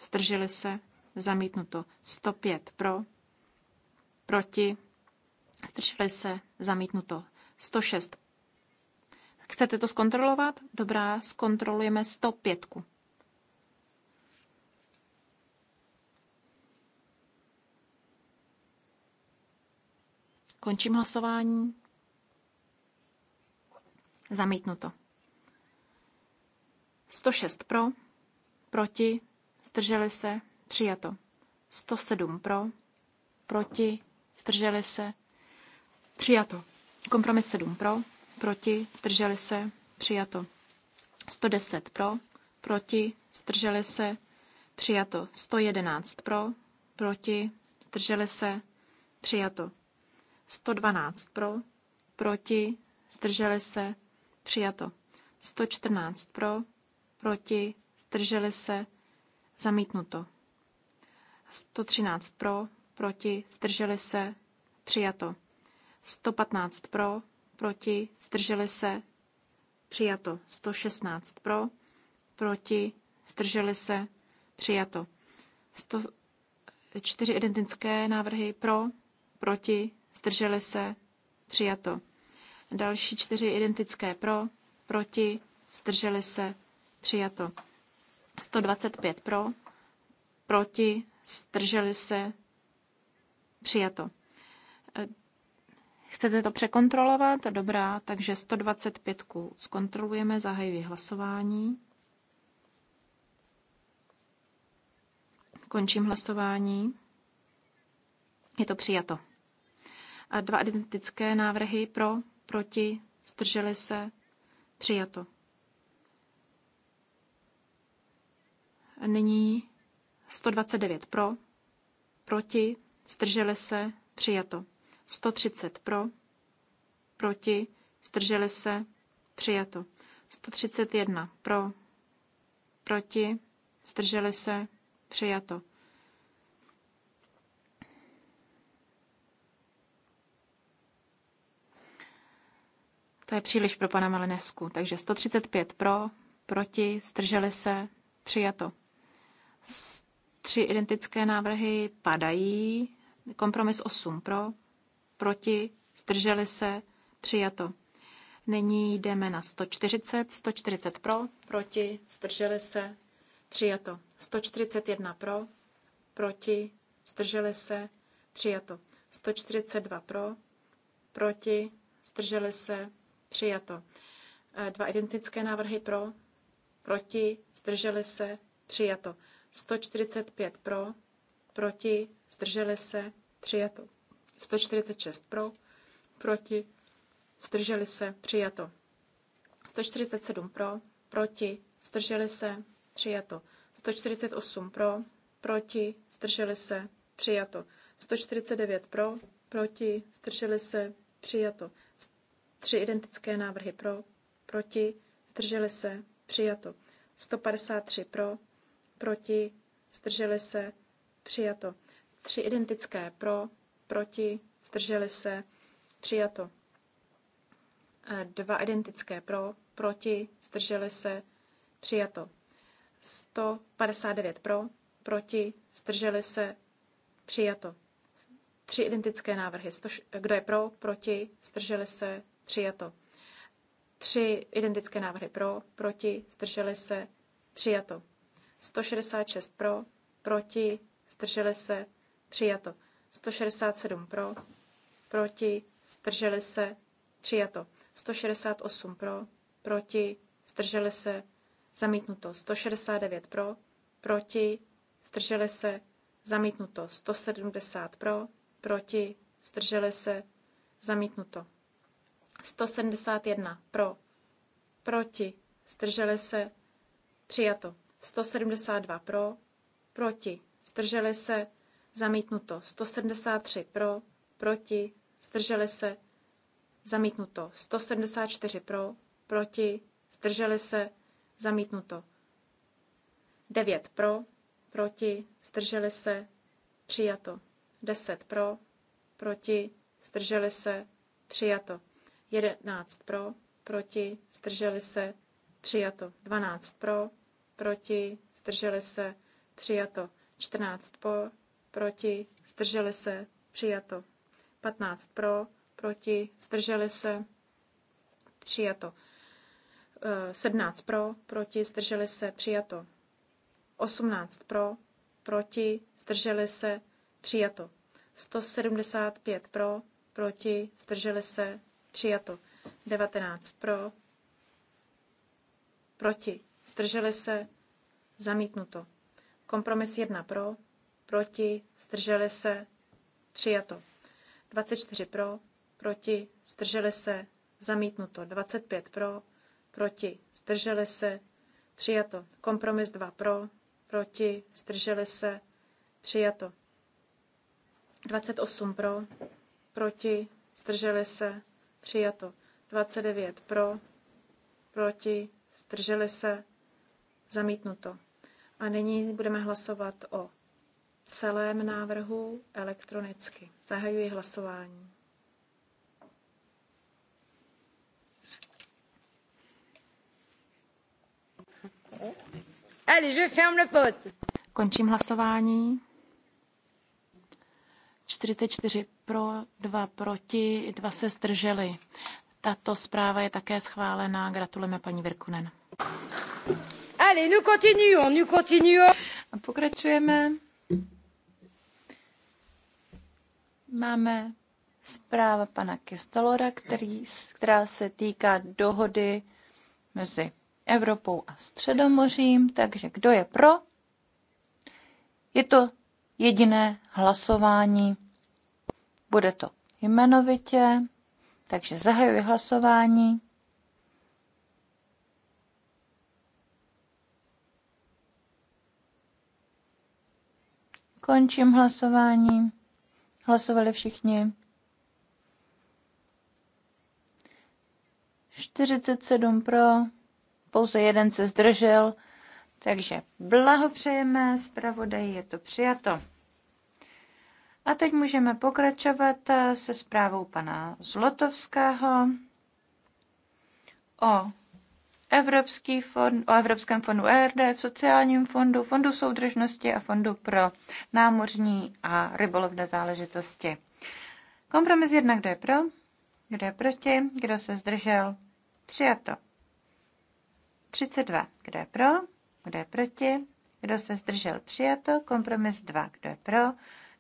zdrželi se, zamítnuto. 105 pro, proti, zdrželi se, zamítnuto. 106. Chcete to zkontrolovat? Dobrá, zkontrolujeme 105. Končím hlasování. Zamítnuto. 106 pro, proti, zdrželi se, přijato. 107 pro, proti, zdrželi se, přijato. Kompromis 7 pro, proti, zdrželi se, přijato. 110 pro, proti, zdrželi se, přijato. 111 pro, proti, zdrželi se, přijato. 112 pro, proti, zdrželi se, přijato. 114 pro, proti, zdrželi se, zamítnuto. 113 pro, proti, zdrželi se, přijato. 115 pro, proti, zdrželi se, přijato. 116 pro, proti, zdrželi se, přijato. 104 identické návrhy pro, proti, zdrželi se, přijato. Další čtyři identické pro, proti, zdrželi se, přijato. 125 pro, proti, zdrželi se, přijato. Chcete to překontrolovat? Dobrá, takže 125 zkontrolujeme, zahajuji hlasování. Končím hlasování. Je to přijato. A dva identické návrhy pro, proti, zdrželi se, přijato. A nyní 129 pro, proti, zdrželi se, přijato. 130 pro, proti, zdrželi se, přijato. 131 pro, proti, zdrželi se, přijato. To je příliš pro pana Malinesku. Takže 135 pro, proti, zdrželi se, přijato. Tři identické návrhy padají. Kompromis 8 pro, proti, zdrželi se, přijato. Nyní jdeme na 140, 140 pro, proti, zdrželi se, přijato. 141 pro, proti, zdrželi se, přijato. 142 pro, proti, zdrželi se, přijato. Eh, dva identické návrhy pro, proti, zdrželi se, přijato. 145 pro, proti, zdrželi se, přijato. 146 pro, proti, zdrželi se, přijato. 147 pro, proti, zdrželi se, přijato. 148 pro, proti, zdrželi se, přijato. 149 pro, proti, zdrželi se, přijato. Tři identické návrhy pro, proti, zdrželi se, přijato. 153 pro, proti, zdrželi se, přijato. Tři identické pro, proti, zdrželi se, přijato. E, dva identické pro, proti, zdrželi se, přijato. 159 pro, proti, zdrželi se, přijato. Tři identické návrhy. Kdo je pro, proti, zdrželi se, přijato. Tři identické návrhy pro, proti, zdrželi se, přijato. 166 pro, proti, zdrželi se, přijato. 167 pro, proti, zdrželi se, přijato. 168 pro, proti, zdrželi se, zamítnuto. 169 pro, proti, zdrželi se, zamítnuto. 170 pro, proti, zdrželi se, zamítnuto. 171 pro, proti, zdrželi se, přijato. 172 pro, proti, zdrželi se, zamítnuto 173 pro, proti, zdrželi se, zamítnuto 174 pro, proti, zdrželi se, zamítnuto 9 pro, proti, zdrželi se, přijato 10 pro, proti, zdrželi se, přijato 11 pro, proti, zdrželi se, přijato 12 pro, proti, zdrželi se, přijato 14 pro, proti, zdrželi se, přijato. 15 pro, proti, zdrželi se, přijato. 17 eh, pro, proti, zdrželi se, přijato. 18 pro, proti, zdrželi se, přijato. 175 pro, proti, zdrželi se, přijato. 19 pro, proti, zdrželi se, zamítnuto. Kompromis 1 pro, proti, zdrželi se, přijato. 24 pro, proti, zdrželi se, zamítnuto. 25 pro, proti, zdrželi se, přijato. Kompromis 2 pro, proti, zdrželi se, přijato. 28 pro, proti, zdrželi se, přijato. 29 pro, proti, zdrželi se, zamítnuto. A nyní budeme hlasovat o celém návrhu elektronicky. Zahajuji hlasování. Allez, je ferme le pot. Končím hlasování. 44 pro, 2 proti, 2 se zdrželi. Tato zpráva je také schválená. Gratulujeme paní Virkunen. Allez, nous continuons, nous continuons. A pokračujeme. máme zpráva pana Kistolora, který, která se týká dohody mezi Evropou a Středomořím. Takže kdo je pro? Je to jediné hlasování. Bude to jmenovitě, takže zahajuji hlasování. Končím hlasování. Hlasovali všichni. 47 pro, pouze jeden se zdržel, takže blahopřejeme, zpravodaj je to přijato. A teď můžeme pokračovat se zprávou pana Zlotovského o Evropský fond, o Evropském fondu ERD, sociálním fondu, fondu soudržnosti a fondu pro námořní a rybolovné záležitosti. Kompromis jednak, kdo je pro, kdo je proti, kdo se zdržel, přijato. 32, kdo je pro, kdo je proti, kdo se zdržel, přijato. Kompromis 2, kdo je pro,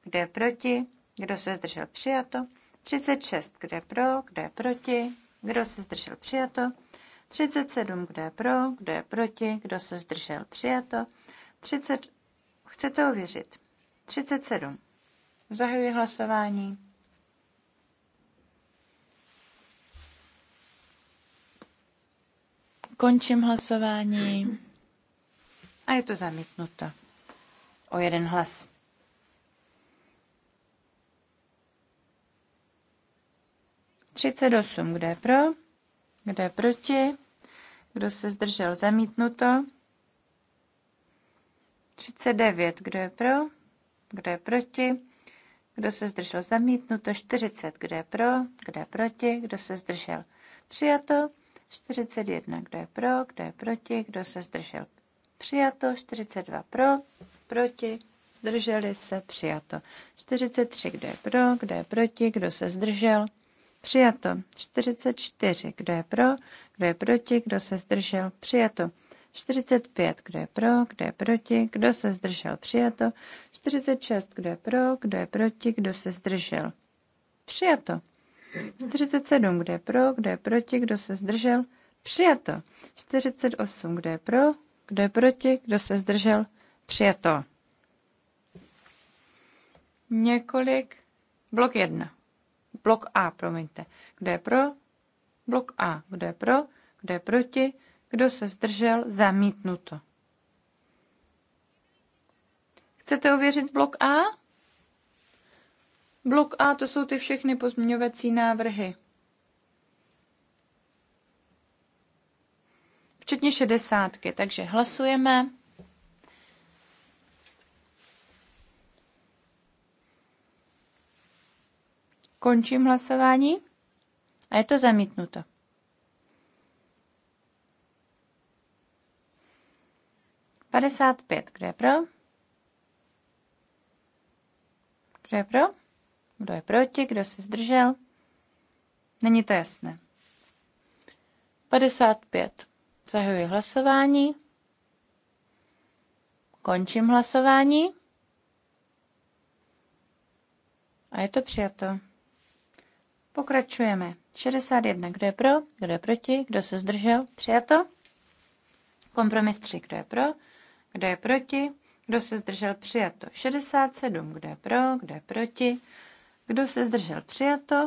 kdo je proti, kdo se zdržel, přijato. 36, kdo je pro, kdo je proti, kdo se zdržel, přijato. 37, kdo je pro, kdo je proti, kdo se zdržel, přijato. 30, chcete ověřit? 37. Zahajuji hlasování. Končím hlasování. A je to zamítnuto. O jeden hlas. Třicet osm, kde je pro? Kdo je proti? Kdo se zdržel? Zamítnuto. 39. Kdo je pro? Kdo je proti? Kdo se zdržel? Zamítnuto. 40. Kdo je pro? Kdo je proti? Kdo se zdržel? Přijato. 41. Kdo je pro? Kdo je proti? Kdo se zdržel? Přijato. 42. Pro? Proti? Zdrželi se? Přijato. 43. Kdo je pro? Kdo je proti? Kdo se zdržel? Přijato. 44. Kdo je pro? Kdo je proti? Kdo se zdržel? Přijato. 45. Kdo je pro? Kdo je proti? Kdo se zdržel? Přijato. 46. Kdo je pro? Kdo je proti? Kdo se zdržel? Přijato. 47. Kdo je pro? Kdo je proti? Kdo se zdržel? Přijato. 48. Kdo je pro? Kdo je proti? Kdo se zdržel? Přijato. Několik. Blok jedna blok A, promiňte. Kdo je pro? Blok A. Kdo je pro? Kdo je proti? Kdo se zdržel? Zamítnuto. Chcete ověřit blok A? Blok A to jsou ty všechny pozměňovací návrhy. Včetně šedesátky, takže hlasujeme. Končím hlasování a je to zamítnuto. Padesát pět. Kdo je pro? Kdo je pro? Kdo je proti? Kdo se zdržel? Není to jasné. 55. Zahajuji hlasování. Končím hlasování. A je to přijato. Pokračujeme. 61. Kdo je pro? Kdo je proti? Kdo se zdržel? Přijato. Kompromis 3. Kdo je pro? Kdo je proti? Kdo se zdržel? Přijato. 67. Kdo je pro? Kdo je proti? Kdo se zdržel? Přijato.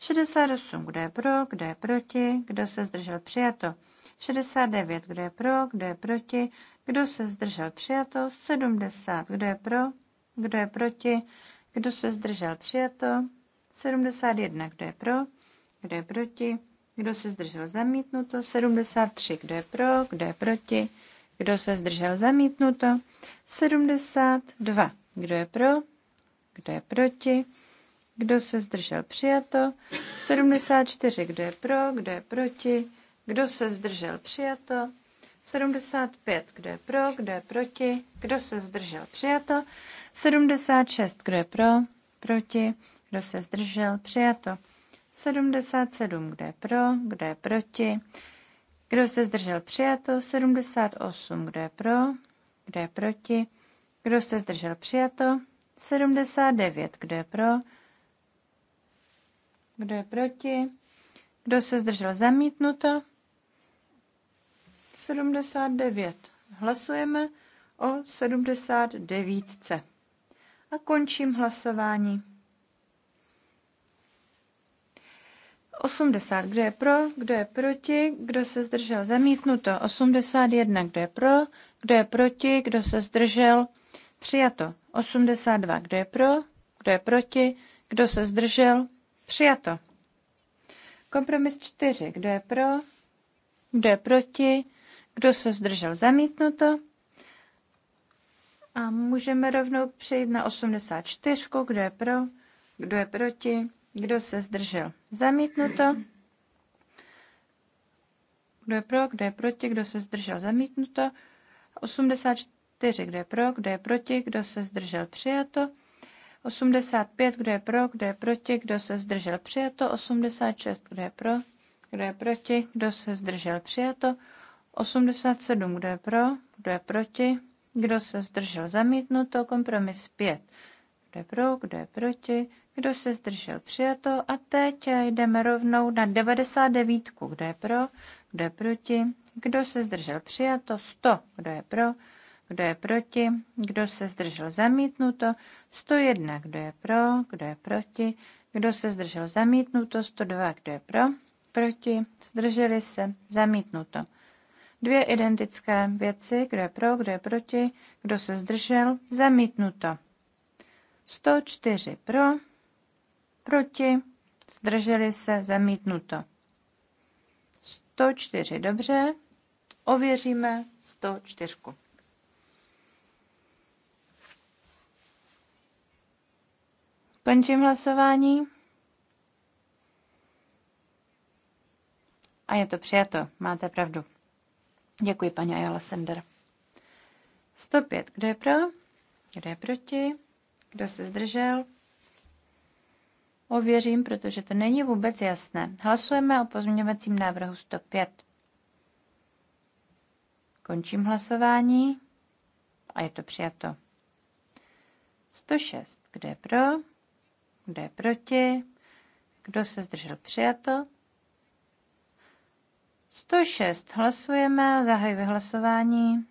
68. Kdo je pro? Kdo je proti? Kdo se zdržel? Přijato. 69. Kdo je pro? Kdo je proti? Kdo se zdržel? Přijato. 70. Kdo je pro? Kdo je proti? Kdo se zdržel? Přijato. 71, kdo je pro, kdo je proti, kdo se zdržel zamítnuto, 73, kdo je pro, kdo je proti, kdo se zdržel zamítnuto, 72, kdo je pro, kdo je proti, kdo se zdržel přijato, 74, kdo je pro, kdo je proti, kdo se zdržel přijato, 75, kdo je pro, kdo je proti, kdo se zdržel přijato, 76, kdo je pro, proti, kdo se zdržel? Přijato. 77, Kdo je pro, Kdo je proti. Kdo se zdržel? Přijato. 78, Kdo je pro, Kdo je proti. Kdo se zdržel? Přijato. 79, kdo je pro, kdo je proti. Kdo se zdržel? Zamítnuto. 79. Hlasujeme o 79. A končím hlasování. 80, kdo je pro, kdo je proti, kdo se zdržel zamítnuto. 81, kdo je pro, kdo je proti, kdo se zdržel přijato. 82, kdo je pro, kdo je proti, kdo se zdržel přijato. Kompromis 4, kdo je pro, kdo je proti, kdo se zdržel zamítnuto. A můžeme rovnou přejít na 84, kdo je pro, kdo je proti, kdo se zdržel? Zamítnuto. Kdo je pro, kdo je proti, kdo se zdržel? Zamítnuto. 84, kdo je pro, kdo je proti, kdo se zdržel? Přijato. 85, kdo je pro, kdo je proti, kdo se zdržel? Přijato. 86, kdo je pro, kdo je proti, kdo se zdržel? Přijato. 87, kdo je pro, kdo je proti, kdo se zdržel? Zamítnuto. Kompromis 5. Kdo je pro, kdo je proti, kdo se zdržel přijato. A teď jdeme rovnou na 99. Kdo je pro, kdo je proti, kdo se zdržel přijato. 100. Kdo je pro, kdo je proti, kdo se zdržel zamítnuto. 101. Kdo je pro, kdo je proti, kdo se zdržel zamítnuto. 102. Kdo je pro, proti, zdrželi se zamítnuto dvě identické věci, kdo je pro, kdo je proti, kdo se zdržel, zamítnuto. 104 pro, proti, zdrželi se, zamítnuto. 104, dobře, ověříme 104. Končím hlasování. A je to přijato, máte pravdu. Děkuji, paní Ayala Sender. 105, kdo je pro? Kdo je proti? Kdo se zdržel? Ověřím, protože to není vůbec jasné. Hlasujeme o pozměňovacím návrhu 105. Končím hlasování a je to přijato. 106. Kdo je pro? Kdo je proti? Kdo se zdržel přijato? 106. Hlasujeme, zahajuji hlasování.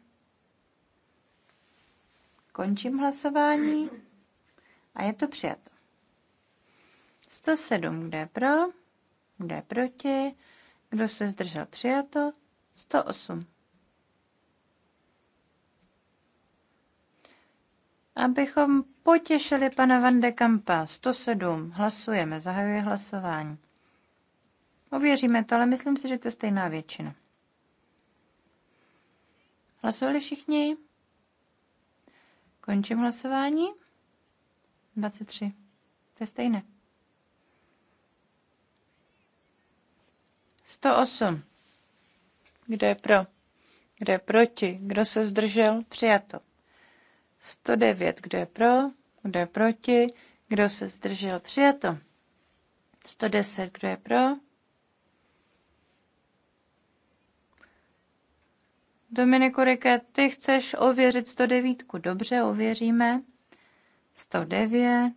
Končím hlasování. A je to přijato. 107, kde je pro, kde je proti, kdo se zdržel přijato, 108. Abychom potěšili pana Van de Kampa, 107, hlasujeme, zahajuje hlasování. Ověříme to, ale myslím si, že to je stejná většina. Hlasovali všichni? Končím hlasování. 23. To je stejné. 108. Kdo je pro? Kdo je proti? Kdo se zdržel? Přijato. 109. Kdo je pro? Kdo je proti? Kdo se zdržel? Přijato. 110. Kdo je pro? Dominiku Rike, ty chceš ověřit 109. Dobře, ověříme. 109.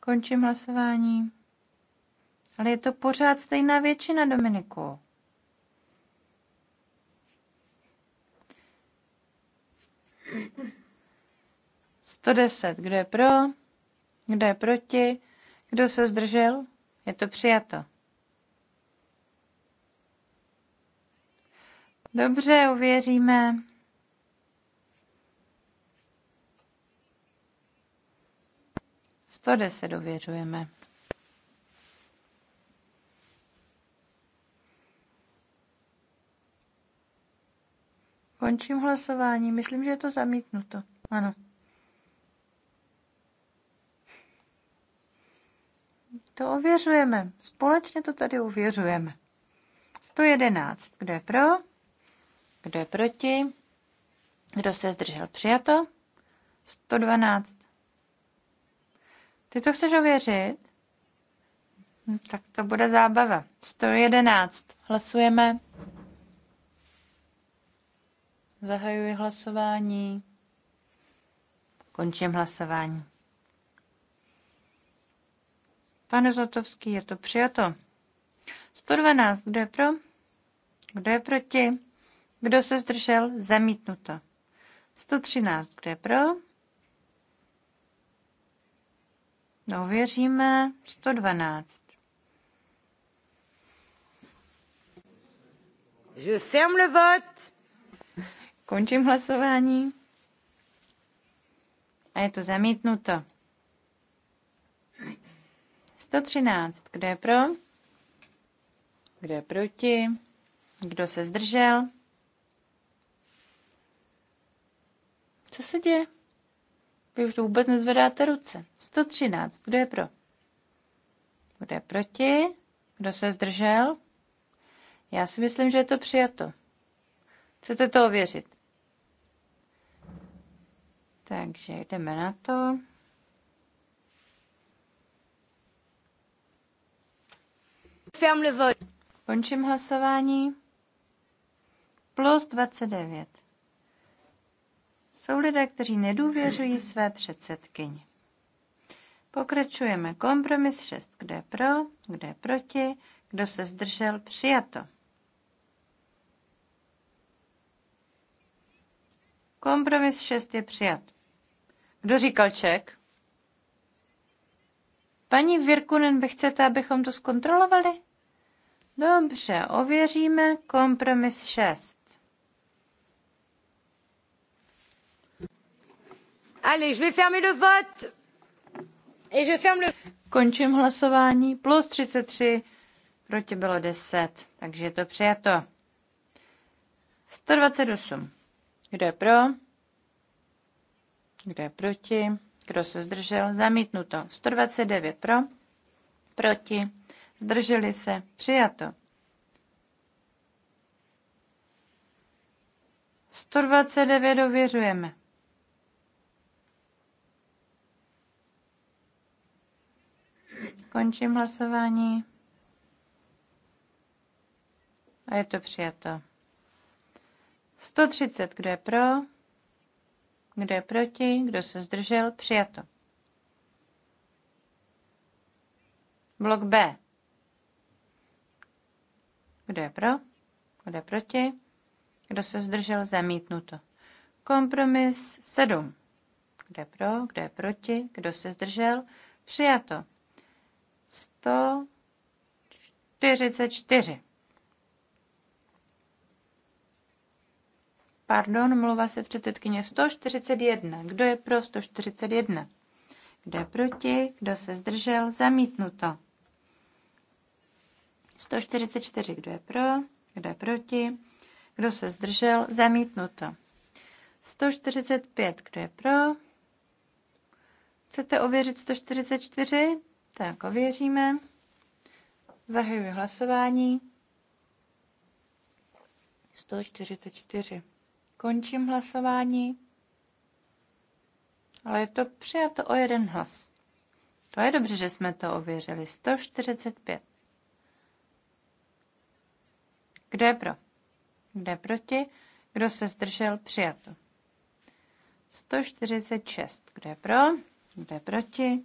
Končím hlasování. Ale je to pořád stejná většina, Dominiku. Sto deset. Kdo je pro? Kdo je proti? Kdo se zdržel? Je to přijato. Dobře, uvěříme. Sto deset ověřujeme. Končím hlasování. Myslím, že je to zamítnuto. Ano. To ověřujeme. Společně to tady ověřujeme. 111. Kdo je pro? Kdo je proti? Kdo se zdržel? Přijato. 112. Ty to chceš ověřit? Hm, tak to bude zábava. 111. Hlasujeme. Zahajuji hlasování. Končím hlasování. Pane Zlatovský, je to přijato. 112. Kdo je pro? Kdo je proti? Kdo se zdržel? Zamítnuto. 113. kde je pro? Dověříme. No, 112. Je ferme le vote. Končím hlasování. A je to zamítnuto. 113. Kdo je pro? Kdo je proti? Kdo se zdržel? Co se děje? Vy už vůbec nezvedáte ruce. 113. Kdo je pro? Kdo je proti? Kdo se zdržel? Já si myslím, že je to přijato. Chcete to ověřit? Takže jdeme na to. Končím hlasování. Plus 29. Jsou lidé, kteří nedůvěřují své předsedkyni. Pokračujeme. Kompromis 6. Kde je pro, kde je proti, kdo se zdržel, přijato. Kompromis 6 je přijat. Kdo říkal ček? Paní Virkunen, vy chcete, abychom to zkontrolovali? Dobře, ověříme kompromis 6. Allez, je vais fermer le vote. Et je ferme le... Končím hlasování. Plus 33, proti bylo 10, takže je to přijato. 128. Kdo je pro? Kdo je proti? Kdo se zdržel? Zamítnuto. 129 pro. Proti. Zdrželi se. Přijato. 129 ověřujeme. Končím hlasování. A je to přijato. 130, kdo je pro, kdo je proti, kdo se zdržel, přijato. Blok B. Kdo je pro, kdo je proti, kdo se zdržel, zamítnuto. Kompromis 7. Kdo je pro, kdo je proti, kdo se zdržel, přijato. 144. Pardon, mluva se předsedkyně 141. Kdo je pro 141? Kdo je proti? Kdo se zdržel? Zamítnuto. 144. Kdo je pro? Kdo je proti? Kdo se zdržel? Zamítnuto. 145. Kdo je pro? Chcete ověřit 144? Tak, ověříme. Zahajuji hlasování. 144. Končím hlasování. Ale je to přijato o jeden hlas. To je dobře, že jsme to ověřili. 145. Kdo je pro? Kdo je proti? Kdo se zdržel? Přijato. 146. Kdo je pro? Kdo je proti?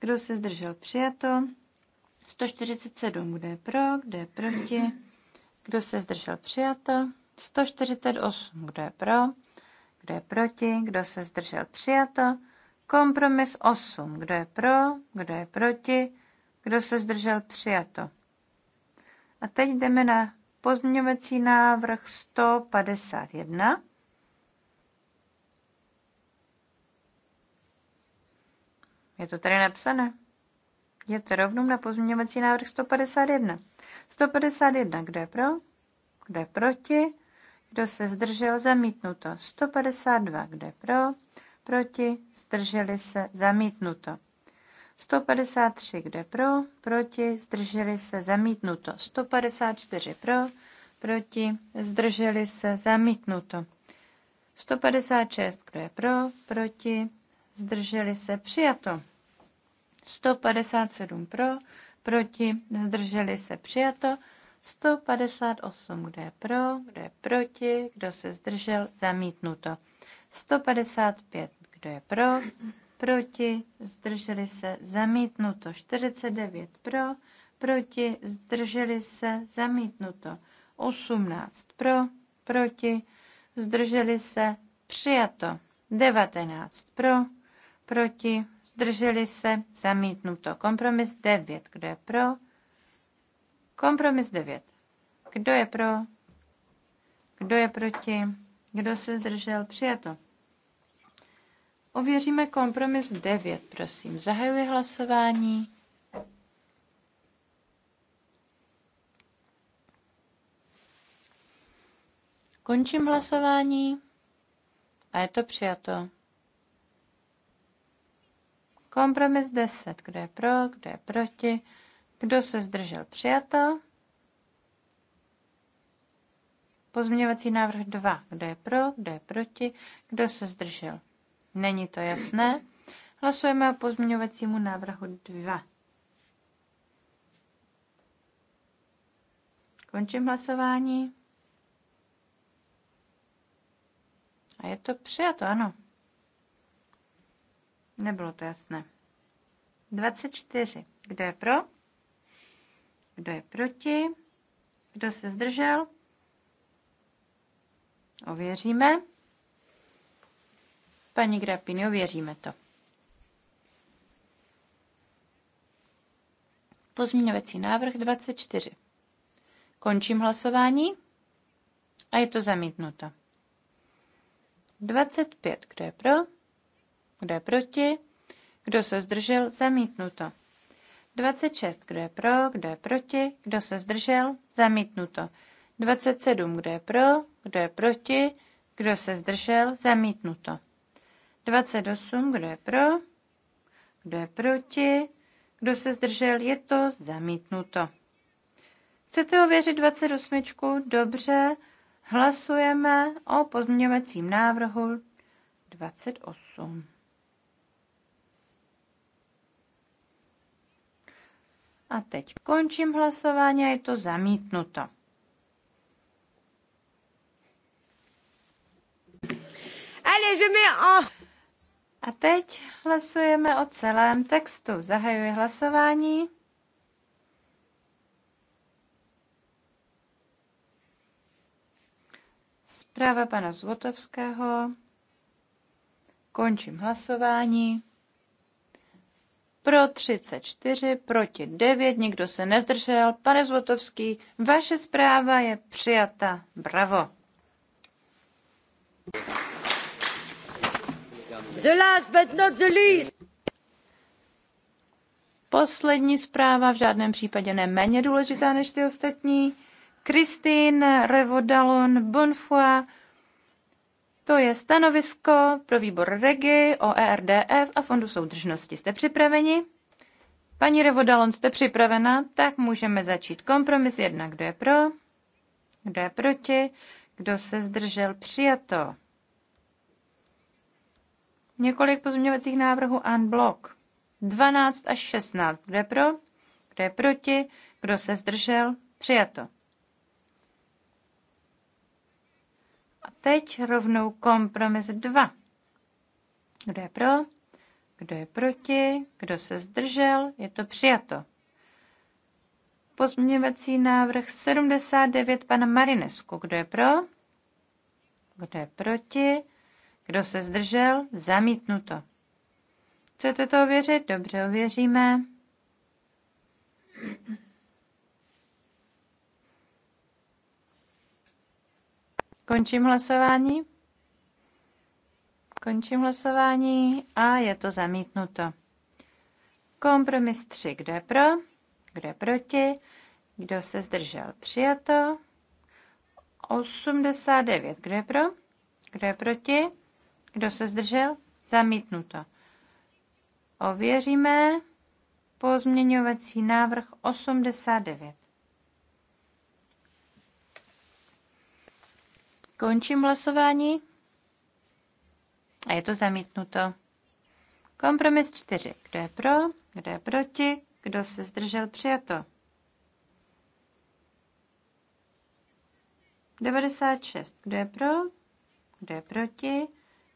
Kdo se zdržel? Přijato. 147. Kde je pro? kde je proti? Kdo se zdržel? Přijato. 148. Kde je pro? kde je proti? Kdo se zdržel? Přijato. Kompromis 8. Kdo je pro? Kdo je proti? Kdo se zdržel? Přijato. A teď jdeme na pozměňovací návrh 151. Je to tady napsané. Je to rovnou na pozměňovací návrh 151. 151, kdo je pro? Kdo je proti? Kdo se zdržel? Zamítnuto. 152, kdo je pro? Proti? Zdrželi se? Zamítnuto. 153, kde pro, proti, zdrželi se, zamítnuto. 154 pro, proti, zdrželi se, zamítnuto. 156, kdo je pro, proti, zdrželi se, přijato. 157 pro, proti, zdrželi se, přijato. 158, kde je pro, kde je proti, kdo se zdržel, zamítnuto. 155, kdo je pro, proti, zdrželi se, zamítnuto. 49 pro, proti, zdrželi se, zamítnuto. 18 pro, proti, zdrželi se, přijato. 19 pro, proti, zdrželi se, zamítnuto. Kompromis 9, kdo je pro? Kompromis 9. Kdo je pro? Kdo je proti? Kdo se zdržel? Přijato. Ověříme kompromis 9, prosím. Zahajuji hlasování. Končím hlasování a je to přijato. Kompromis 10. Kdo je pro, kdo je proti, kdo se zdržel přijato. Pozměňovací návrh 2. Kdo je pro, kdo je proti, kdo se zdržel. Není to jasné. Hlasujeme o pozměňovacímu návrhu 2. Končím hlasování. A je to přijato, ano. Nebylo to jasné. 24. Kdo je pro? Kdo je proti? Kdo se zdržel? Ověříme. Paní Grapini, ověříme to. Pozměňovací návrh 24. Končím hlasování a je to zamítnuto. 25. Kdo je pro? Kdo je proti? Kdo se zdržel? Zamítnuto. 26. Kdo je pro? Kdo je proti? Kdo se zdržel? Zamítnuto. 27. Kdo je pro? Kdo je proti? Kdo se zdržel? Zamítnuto. 28. Kdo je pro? Kdo je proti? Kdo se zdržel? Je to zamítnuto. Chcete ověřit 28? Dobře. Hlasujeme o pozměňovacím návrhu 28. A teď končím hlasování a je to zamítnuto. Ale že mi o... A teď hlasujeme o celém textu. Zahajuji hlasování. Zpráva pana Zvotovského. Končím hlasování pro 34, proti 9, nikdo se nezdržel. Pane Zlotovský, vaše zpráva je přijata. Bravo. The last but not the least. Poslední zpráva, v žádném případě méně důležitá než ty ostatní. Christine Revodalon Bonfoy to je stanovisko pro výbor REGI o ERDF a Fondu soudržnosti. Jste připraveni? Paní Revodalon, jste připravena? Tak můžeme začít. Kompromis jedna. Kdo je pro? Kdo je proti? Kdo se zdržel? Přijato. Několik pozměňovacích návrhů blok. 12 až 16. Kdo je pro? Kdo je proti? Kdo se zdržel? Přijato. teď rovnou kompromis 2. Kdo je pro? Kdo je proti? Kdo se zdržel? Je to přijato. Pozměňovací návrh 79 pana Marinesku. Kdo je pro? Kdo je proti? Kdo se zdržel? Zamítnuto. Chcete to ověřit? Dobře, ověříme. Končím hlasování. Končím hlasování a je to zamítnuto. Kompromis 3. Kdo je pro? Kdo je proti? Kdo se zdržel? Přijato. 89. Kdo je pro? Kdo je proti? Kdo se zdržel? Zamítnuto. Ověříme pozměňovací návrh 89. Končím hlasování. A je to zamítnuto. Kompromis 4. Kdo je pro, kdo je proti, kdo se zdržel, přijato. 96. Kdo je pro, kdo je proti,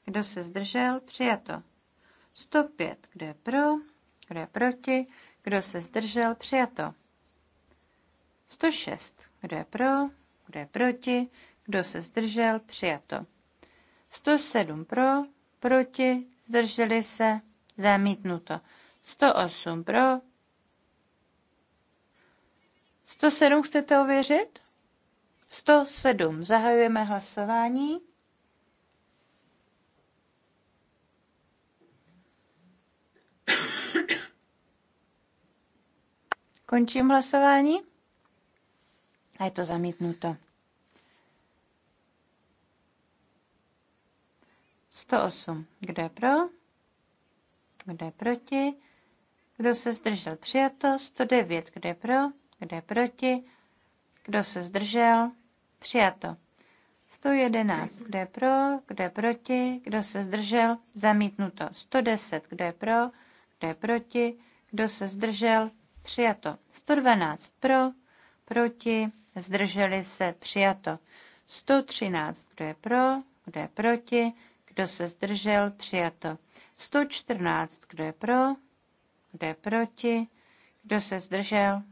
kdo se zdržel, přijato. 105. Kdo je pro, kdo je proti, kdo se zdržel, přijato. 106. Kdo je pro, kdo je proti, kdo se zdržel, přijato. 107 pro, proti, zdrželi se, zamítnuto. 108 pro. 107 chcete ověřit? 107. Zahajujeme hlasování. Končím hlasování. A je to zamítnuto. 108. Kdo je pro? Kdo je proti? Kdo se zdržel? Přijato. 109. Kdo je pro? Kdo je proti? Kdo se zdržel? Přijato. 111. Kdo je pro? Kdo je proti? Kdo se zdržel? Zamítnuto. 110. Kdo je pro? Kdo je proti? Kdo se zdržel? Přijato. 112. Pro? Proti? Zdrželi se? Přijato. 113. Kdo je pro? Kdo je proti? Kdo se zdržel? Přijato. 114. Kdo je pro? Kdo je proti? Kdo se zdržel?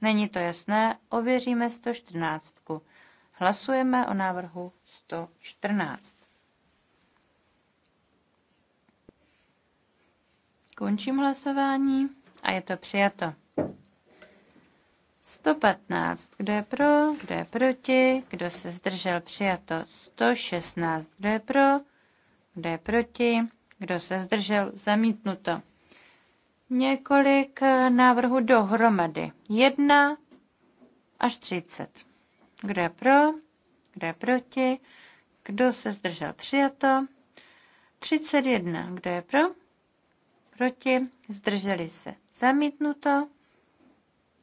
Není to jasné. Ověříme 114. Hlasujeme o návrhu 114. Končím hlasování a je to přijato. 115. Kdo je pro? Kdo je proti? Kdo se zdržel? Přijato. 116. Kdo je pro? kdo je proti, kdo se zdržel, zamítnuto. Několik eh, návrhů dohromady. 1 až 30. Kdo je pro, kdo je proti, kdo se zdržel, přijato. 31. Kdo je pro? Proti? Zdrželi se. Zamítnuto.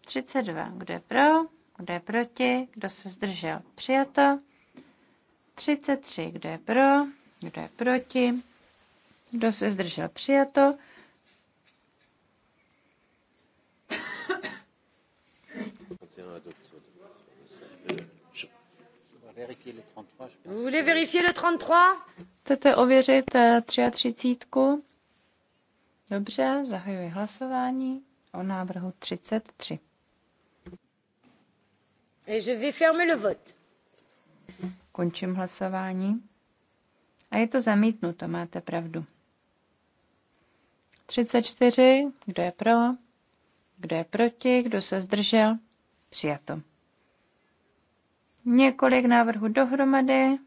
32. Kdo je pro? Kdo je proti? Kdo se zdržel? Přijato. 33. Kdo je pro? Kdo je proti? Kdo se zdržel? Přijato. Vous voulez vérifier le 33 Chcete ověřit 33? Eh, Dobře, zahajuji hlasování o návrhu 33. Et je vais fermer le vote. Končím hlasování. A je to zamítnuto, máte pravdu. 34, kdo je pro, kdo je proti, kdo se zdržel, přijato. Několik návrhů dohromady.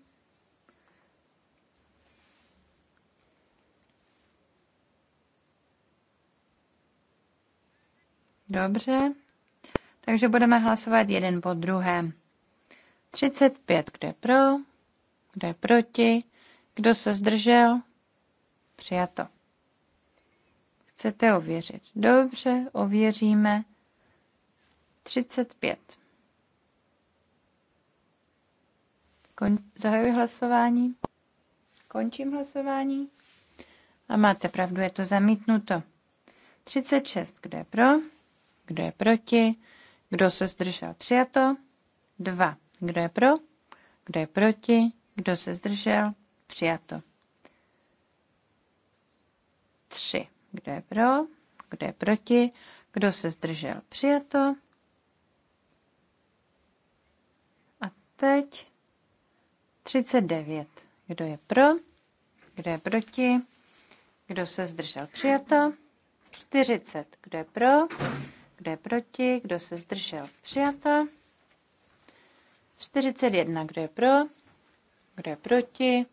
Dobře, takže budeme hlasovat jeden po druhém. 35, kdo je pro, kdo je proti, kdo se zdržel? Přijato. Chcete ověřit? Dobře, ověříme. 35. Kon- zahajuji hlasování. Končím hlasování. A máte pravdu, je to zamítnuto. 36. Kdo je pro? Kdo je proti? Kdo se zdržel? Přijato. 2. Kdo je pro? Kdo je proti? Kdo se zdržel? Přijato. 3. Kdo je pro? Kdo je proti? Kdo se zdržel? Přijato. A teď 39. Kdo je pro? Kdo je proti? Kdo se zdržel? Přijato. 40. Kdo je pro? Kdo je proti? Kdo se zdržel? Přijato. 41. Kdo je pro? Kdo je proti?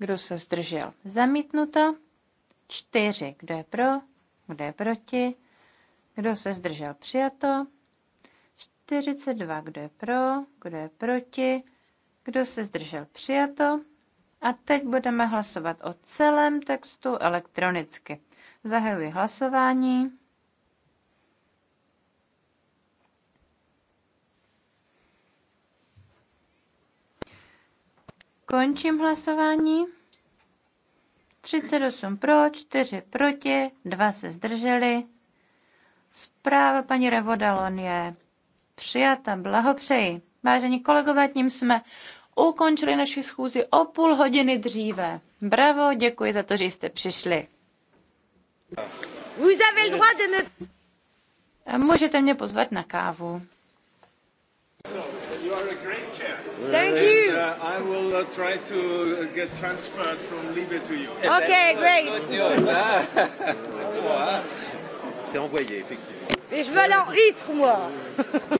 Kdo se zdržel? Zamítnuto. Čtyři. Kdo je pro? Kdo je proti? Kdo se zdržel? Přijato. 42. Kdo je pro? Kdo je proti? Kdo se zdržel? Přijato. A teď budeme hlasovat o celém textu elektronicky. Zahajuji hlasování. Končím hlasování. 38 pro, 4 proti, 2 se zdrželi. Zpráva paní Revodalon je přijata. Blahopřeji. Vážení kolegové, tím jsme ukončili naši schůzi o půl hodiny dříve. Bravo, děkuji za to, že jste přišli. Vous avez le droit de me... Můžete mě pozvat na kávu. Thank you. Uh, I will uh, try to get transferred from Libya to you. Okay, great. C'est envoyé, effectivement. Mais je veux aller en rythme, moi.